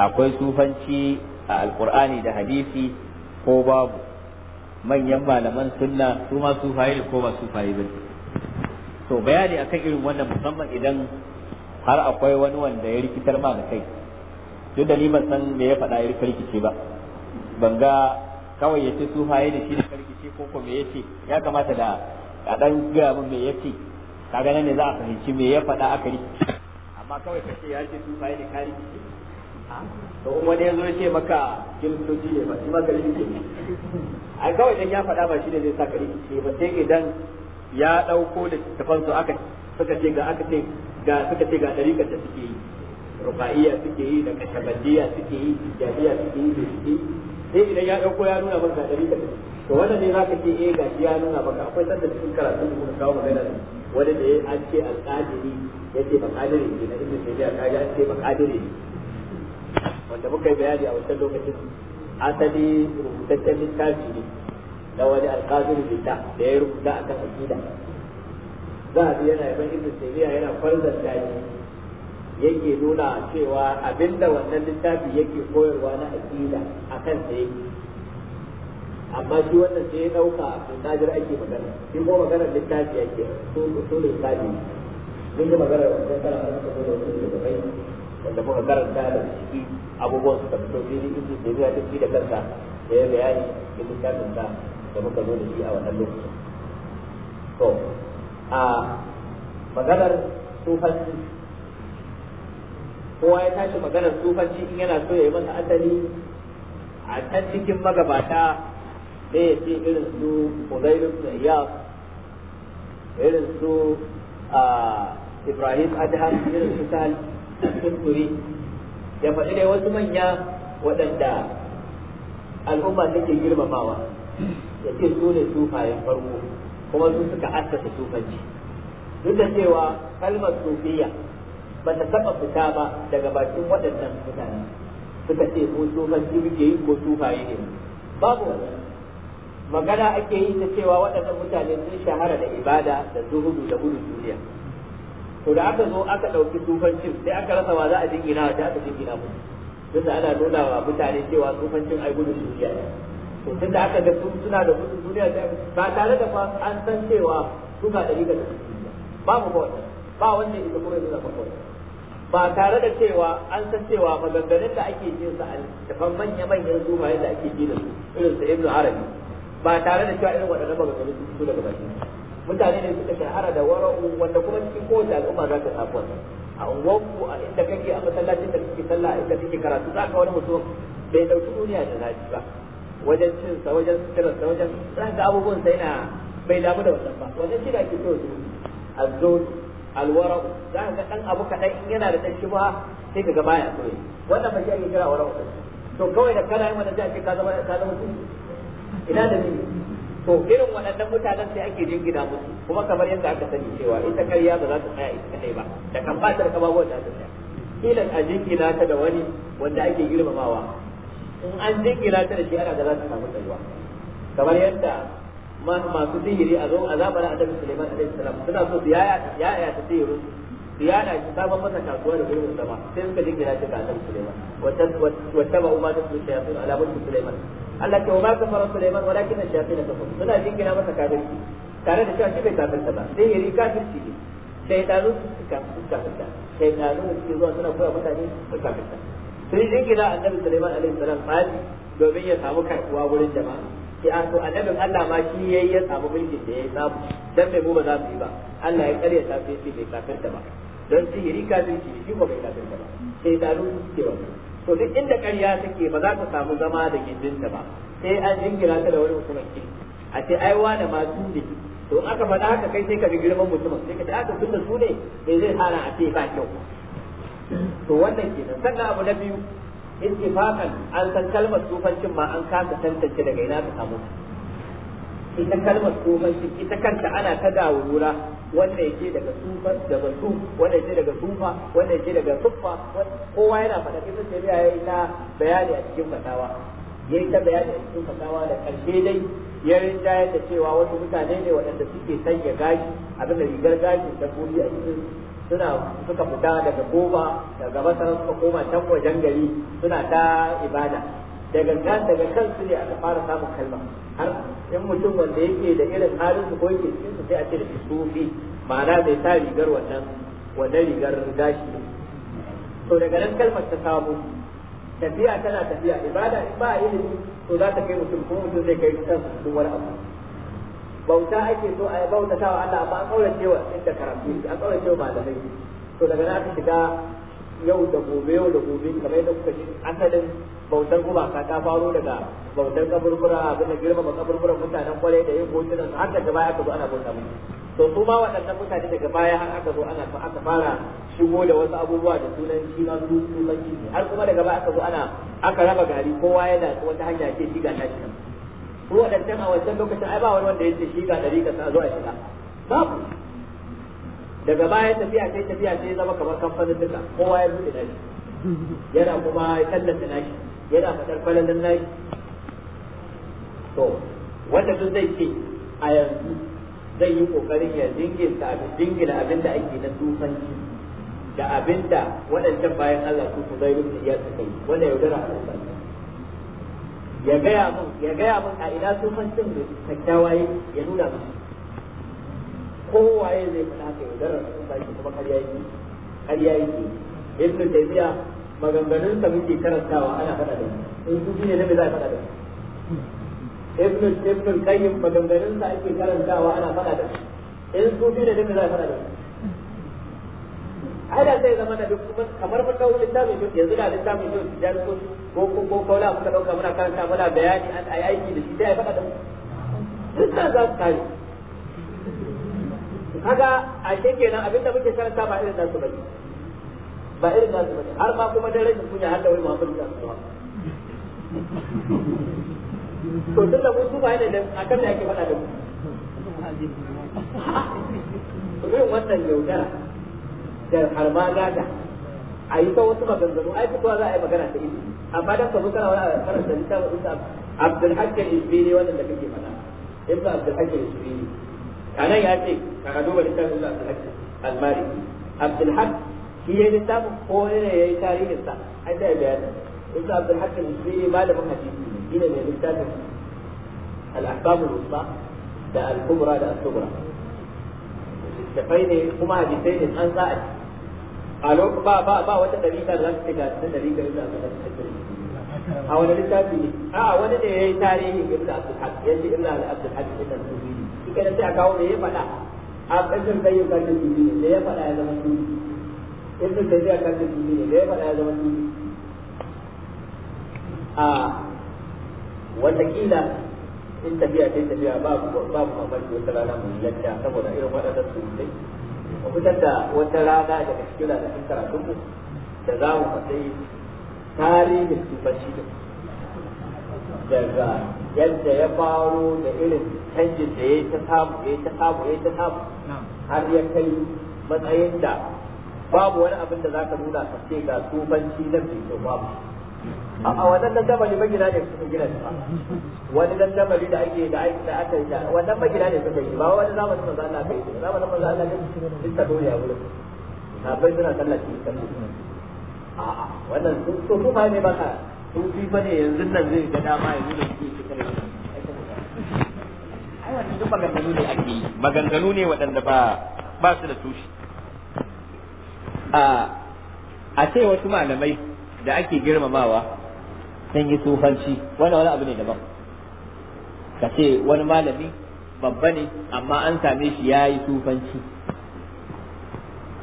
akwai sufanci a alkur'ani da hadisi ko babu manyan malaman sunna su ma sufaye ko ba sufaye ba to bayani akan irin wannan musamman idan har akwai wani wanda ya rikitar ma da kai duk da ni ban san me ya faɗa ya karkice ba ban ga kawai ya ce sufaye da shi da karkice ko ko me yace ya kamata da a dan gaya min me yace kaga nan ne za a fahimci me ya faɗa aka rikice amma kawai kace ya ce sufaye da karkice to kuma wani yanzu ya ce maka kiristoci ne ba shi ma ka rikice ai kawai dan ya faɗa ba shi ne zai sa ka ba sai idan ya ɗauko tafan su aka suka ce ga aka ce ga suka ce ga ɗariƙar da suke yi rubaiya suke yi da kashabandiya suke yi tijjaniya suke yi da suke sai idan ya ɗauko ya nuna maka ɗariƙar da to wannan ne za ka ce eh ga shi ya nuna maka akwai sanda cikin karatu da kuma kawo magana wani da ya ce alƙadiri ya ce bakadiri ne na ibn tabiya kaji an ce bakadiri ne wanda muka yi bayani a wancan lokacin asali rubutaccen littafi ne na wani alƙazirin bita da ya rubuta a akan Za a yana yaban ibn taymiya yana farzan dani yake nuna cewa abinda wannan littafi yake koyarwa na aqida akan sa yake amma shi wannan sai ya dauka to najir ake magana shi ko magana littafi yake so so littafi mun ne magana wannan kana da wannan da bai wanda muka karanta da ciki abubuwan su tafi sau fili ibnu taymiya ta da kansa da ya bayani cikin littafin sa da muka zo da shi a wannan lokacin to a maganar sufanci kowa ya tashi maganar sufanci in yana so ya yi masa asali a can cikin magabata da ya ce irin su Uzair ibn Iyas irin su Ibrahim Adham irin su Sahal kuskure ya faɗi dai wasu manya waɗanda al'umma take girmamawa ya ce su ne sufayen farko kuma su suka asasa sufanci duk da cewa kalmar sufiya ba ta taɓa fita ba daga bakin waɗannan mutane suka ce ko sufanci muke yi ko sufaye ne babu wannan magana ake yi ta cewa waɗannan mutane sun shahara da ibada da zuhudu da gudun duniya to da aka zo aka ɗauki tufancin sai aka rasa wa za a jingina wa sai aka jingina mu duk da ana nuna wa mutane cewa tufancin ai gudun duniya ne to tun da aka ga suna da gudun duniya ba tare da ba an san cewa su ga ɗari da duniya ba mu ba wannan ba wanda ita kuma yanzu ba ko ba tare da cewa an san cewa maganganun da ake jin sa al manya manyan zuwa yadda ake jin su irin sa ibnu arabi ba tare da cewa irin waɗannan maganganun su daga baki mutane ne suka shahara da wara'u wanda kuma cikin kowace al'umma za ka samu wannan a unguwanku a inda kake a masallacin da kake sallah inda kake karatu za ka wani mutum bai dauki duniya da zafi ba wajen cin sa wajen suturar sa wajen za ka abubuwan sai na bai damu da wannan ba Wajen shi da ake so zuwa azzon alwara'u za ka ga dan abu kaɗan in yana da dan shubha sai ka ga baya so wannan ba shi ake kira wara'u to kawai da kana yin wannan sai ka zama ka zama ina da ni to irin waɗannan mutanen sai ake jingina musu kuma kamar yadda aka sani cewa ita karya ba za ta tsaya ita kadai ba da kan fatar ka babuwar da ta tsaya kilan a jingina ta da wani wanda ake girmamawa in an jingina ta da shi ana da za ta samu tsayuwa kamar yadda masu sihiri a zo a zamanin annabi suleiman alaihi salam suna so su yaya yaya ta sihirin su yada shi sabon masa kasuwa da gurbin sama sai suka jingina ta ga annabi Sulaiman wata wata ba umma ta su shayatin alamun suleiman. Allah ce wa ma kafara Sulaiman walakin ash-shayatin kafaru suna jingina masa kafirci tare da cewa shi bai kafirta ba sai yari kafirci ne su suka kafirta sai da suke zuwa suna koya mutane su kafirta sai jingina annabi Sulaiman alaihi salam fadi domin ya samu karbuwa wurin jama'a sai an so annabin Allah ma shi yayi ya samu mulkin da ya samu dan bai mu ba za su yi ba Allah ya kare ta sai bai kafirta ba don sihiri kafirci shi ko bai kafirta ba su suke wannan to duk inda ƙarya take ba za ta samu zama da gindinta ba sai an jingira ta da wani mutumin ki a ce ai wani ma su ne to in aka faɗa haka kai sai ka ga girman mutumin sai ka ce aka tunda su ne me zai fara a ce ba kyau to wannan kenan sannan abu na biyu ittifaqan an san kalmar sufancin ma an kasa tantance daga ina ta samu ita kalmar sufancin ita kanta ana ta dawura wanda yake daga sufa da basu wanda yake daga sufa wanda yake daga suffa kowa yana faɗa kisan shari'a yi ta bayani a cikin fatawa yi ta bayani a cikin fatawa da ƙarshe dai ya rinjayar da cewa wasu mutane ne waɗanda suke sanya gashi abin da rigar gashin da kuri a cikin suna suka fita daga goma daga masarar suka koma can wajen gari suna ta ibada daga daga kansu ne aka fara samun kalma har in mutum wanda yake da irin halin su ko yake cikin su sai a ce da sufi ma'ana bai sa rigar wannan wannan rigar gashi to daga nan kalmar ta samu tafiya tana tafiya ibada in ba ilimi to za ta kai mutum kuma mutum zai kai kan cikin wani abu bauta ake so a bautata wa Allah amma an kaurace wa inda karatu an kaurace wa malamai to daga nan aka shiga yau da gobe yau da gobe kamar yadda kuka ji asalin bautar gubaka ta faro daga bautar kaburbura abin da girmama kaburburan mutanen kwarai da yin hotunan har daga baya aka zo ana bauta musu to su ma waɗannan mutane daga baya har aka zo ana aka fara shigo da wasu abubuwa da sunan shi ma su ne har kuma daga baya aka zo ana aka raba gari kowa yana wata hanya ce shi ga tashi su waɗancan a wancan lokacin ai ba wani wanda ya ce shi ga ɗari ka sa zo a shiga babu daga baya tafiya sai tafiya sai zama kamar kamfanin duka kowa ya buɗe nashi yana kuma tallata nashi yana faɗar falalin nashi to wanda duk zai ce a yanzu zai yi kokarin ya dingina abin dingina abin da ake na tufanci da abin da waɗancan bayan Allah su su zai rubuta iya suka yi wanda yaudara a tufanci ya gaya min ya gaya min a ina tufancin da kyakkyawa ya nuna min kowaye zai faɗa haka ya zarar su sashi kuma ƙarya yake ƙarya yake ibnu taymiya maganganun sa muke karantawa ana faɗa da in su ne na za a faɗa da ibnu ibnu qayyim maganganun sa ake karantawa ana faɗa da in su ne na za a faɗa da ai da sai zama da duk kuma kamar mun dauki littafin duk yanzu da littafin duk da ko ko ko ko la muka dauka muna karanta muna bayani an ai aiki da shi sai ai faɗa da mu duk za su kaga a kenan abinda muke karanta ba irin nasu bane ba irin nasu bane har ma kuma da rashin kunya har da wai Muhammadu da su to tun da mu su ba ne da akan ne ake faɗa da mu ruwan wannan yaudara da ma gada a yi ta wasu maganganu ai kuma za a yi magana ta ilimi amma dan kabu kana wani karanta littafin Abdul Hakim Isbini wannan da kake faɗa Ibn Abdul Hakim Isbini anan ya ce ka duba littafin da almari abdulhaq shi ya littafin ko ne ya yi tarihin sa ai da bayani ibnu abdulhaq al-misri malamin hadisi ne mai littafin al-ahkam al da al da al-sughra ne kuma hadisai ne an sa a lokacin ba ba ba wata dalila da za ta ta dalila da za ta a wani littafi ne wani ne ya yi tarihin shi kenan sai a kawo da ya faɗa a kai qayyim kan da ne da ya faɗa ya zama sunni ibn qayyim kan da ne da ya faɗa ya zama sunni a watakila in tafiya ta tafiya babu babu mamaki wata rana mai lacca saboda irin waɗannan sunnai mu fitar da wata rana daga cikin ranakun karatunmu da za mu faɗi tarihin tufanci da su daga yadda ya faro da irin canjin da ya ta samu ya ta samu ya ta samu har ya kai matsayin da babu wani abin da za ka nuna ka ce ga tubanci na bai kyau babu a wannan dandamali magina ne suka gina shi ba wani dandamali da ake da ake da aka yi wannan magina ne suka yi ba wani zamanin manzo Allah kai ne zamanin manzo Allah ne duk ta dole a wurin bai suna sallaci sallaci a'a wannan sun su ma ne ba ka in fi fa ne yanzu nan zai ga dama ya nuna su su kare ai wannan duk maganganu ne ake yi maganganu ne waɗanda ba ba su da tushi. a a ce wasu malamai da ake girmamawa sun yi sufanci wani wani abu ne daban ka ce wani malami babba ne amma an same shi ya yi sufanci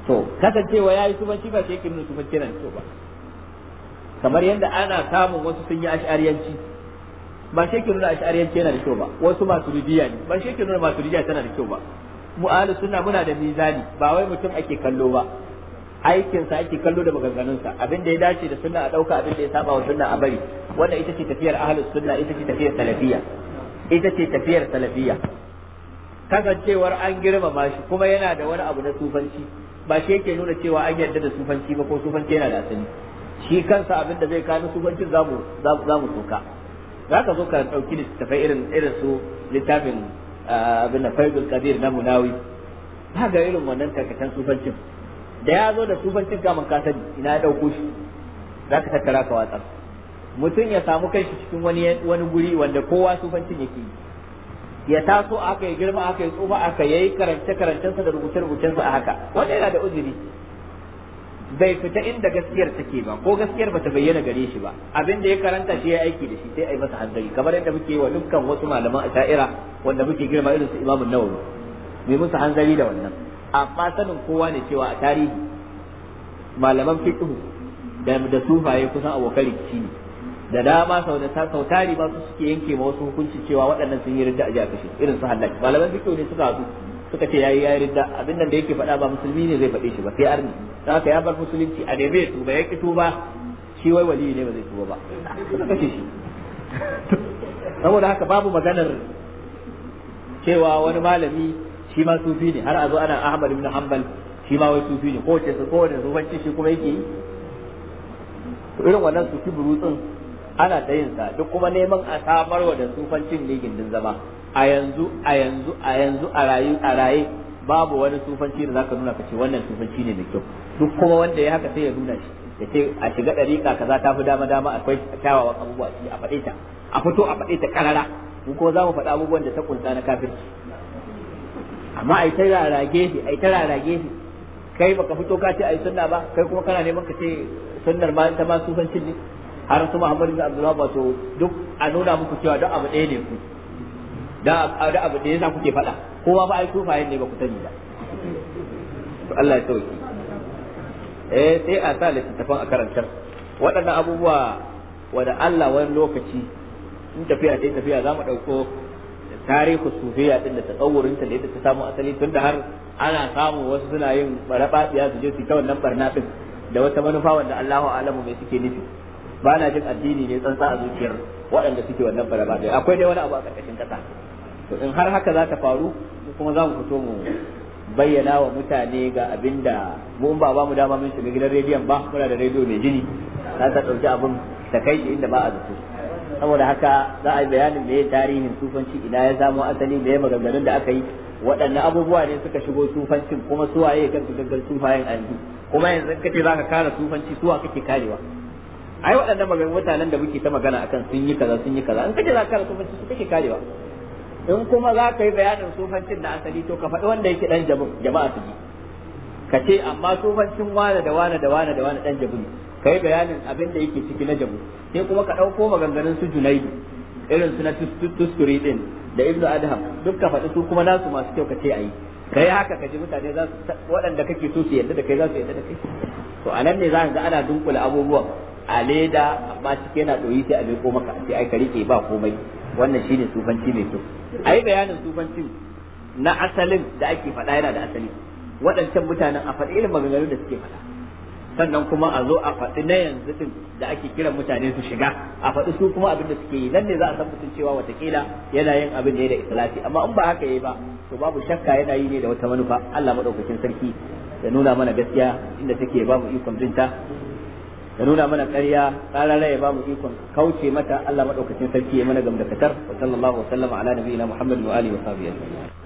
to kasancewa ya yi sufanci ba sai yake nuna sufanci nan to ba kamar yadda ana samun wasu sun yi ash'ariyanci ba shi ke nuna ash'ariyanci yana da kyau ba wasu rijiya ne ba shi ke nuna rijiya tana da kyau ba mu ahlu sunna muna da mizani ba wai mutum ake kallo ba aikin sa ake kallo da maganganun sa abin da ya dace da sunna a dauka abin da ya saba wa sunna a bari wanda ita ce tafiyar ahlu sunna ita ce tafiyar salafiyya ita ce tafiyar salafiyya kasancewar an girmama shi kuma yana da wani abu na sufanci ba shi yake nuna cewa an yarda da sufanci ba ko sufanci yana da asali shi kansa abin da zai kawo su gwancin za mu soka za ka zo ka ɗauki littattafai irin irin su littafin ah, abin da faibul kadir na munawi ba ga irin wannan karkashin sufancin da ya zo da sufancin kamar ka sani ina ya ɗauko shi za ka tattara ka watsar mutum ya samu kai shi cikin wani wani guri wanda kowa sufancin yake yi ya taso aka yi girma aka yi tsufa aka yayi karance karancensa da rubuce rubucensa a haka wanda yana da uzuri bai fita inda gaskiyar take ba ko gaskiyar bata bayyana gare shi ba abin da ya karanta shi ya aiki da shi sai a yi masa hanzari kamar yadda muke wa dukkan wasu malaman asha'ira wanda muke girma irin su imamun nawawi mai musu hanzari da wannan amma sanin kowa ne cewa a tarihi malaman fiqh da da sufaye kusan abokan rikici ne da dama sau da sau tari ba su suke yanke ma wasu hukunci cewa waɗannan sun yi ridda a ji kashe irin su halaki malaman fiqh ne suka haɗu suka ce yayi yayi ridda abin nan da yake faɗa ba musulmi ne zai faɗe shi ba sai arni dan haka ya bar musulunci a dai bai tuba ya ki tuba shi wai wali ne ba zai tuba ba suka kace shi saboda haka babu maganar cewa wani malami shi ma sufi ne har a zo ana Ahmad ibn Hanbal shi ma wai sufi ne kowace su kowace sufanci shi kuma yake yi to irin wannan sufi burutsin ana ta yin sa duk kuma neman a samarwa da sufancin ne gindin zama a yanzu a yanzu a yanzu a rayu a raye babu wani sufanci da zaka nuna kace wannan sufanci ne mai kyau duk kuma wanda ya haka sai ya nuna shi ya ce a shiga dariƙa kaza ta fi dama dama akwai kyawawan abubuwa ciki a faɗe ta a fito a faɗe ta karara mu ko za mu faɗa abubuwan da ta kunta na kafirci amma ai ta rarage shi ai ta rarage shi kai baka fito ka ce ai sunna ba kai kuma kana neman ka ce sunnar ma ta ma tsufancin ne har su Muhammadu Abdullahi Abdullah wato duk a nuna muku cewa duk abu ɗaya ne ku da da abu da yasa kuke faɗa kowa ba ai sufaye ne ba ku sani ba to Allah ya sauki eh sai a sa littattafan a karantar waɗannan abubuwa wanda Allah wani lokaci in tafiya sai tafiya za mu ɗauko tarihin sufiya din da tsawurinta da yadda ta samu asali tun da har ana samu wasu suna yin barabatsiya su je su ta wannan barna din da wata manufa wanda Allahu alamu mai suke nufi ba na jin addini ne tsantsa a zuciyar waɗanda suke wannan barabatsiya akwai dai wani abu a ƙarƙashin ƙasa to in har haka za ta faru kuma za mu fito mu bayyana wa mutane ga abin da mu ba ba mu dama mun shiga gidan rediyon ba muna da rediyo mai jini za ta ɗauki abin ta kai inda ba a zato saboda haka za a yi bayanin me tarihin sufanci ina ya samo asali me maganganun da aka yi waɗannan abubuwa ne suka shigo sufancin kuma su waye kan su gaggar sufayen yanzu kuma yanzu ka ce ka kare sufanci suwa kake karewa ai waɗannan maganganun mutanen da muke ta magana akan sun yi kaza sun yi kaza in kace ka kare sufanci su kake karewa in kuma za ka yi bayanin tsofancin da asali to ka faɗi wanda yake ɗan jabin jama'a su ji ka ce amma tsofancin wane da wane da wane da wane ɗan jabu ne ka yi bayanin abin da yake ciki na jabu sai kuma ka ɗauko maganganun su junaidu irin su na tuskuri ɗin da ibnu adham duk ka faɗi su kuma nasu masu kyau ka ce a yi. Ka yi haka ka ji mutane za su waɗanda kake so su yadda da kai za su yadda da kai to a nan ne za ga ana dunkula abubuwan a leda amma cike yana ɗoyi sai a ko maka sai ai ka riƙe ba komai wannan shine sufanci mai kyau ai bayanin sufancin na asalin da ake faɗa yana da asali waɗancan mutanen a faɗi irin maganganun da suke faɗa sannan kuma a zo a faɗi na yanzu din da ake kiran mutane su shiga a faɗi su kuma abin da suke yi nan ne za a san mutum cewa watakila yana yin abin da ya da ikhlasi amma in ba haka yi ba to babu shakka yana yi ne da wata manufa Allah madaukakin sarki ya nuna mana gaskiya inda take babu ikon jinta ya nuna mana ƙarya ƙarara ya ba mu ikon kauce mata Allah madaukakin sarki ya mana gamdakatar wa sallallahu wa sallama ala nabiyina Muhammad wa alihi wa sahbihi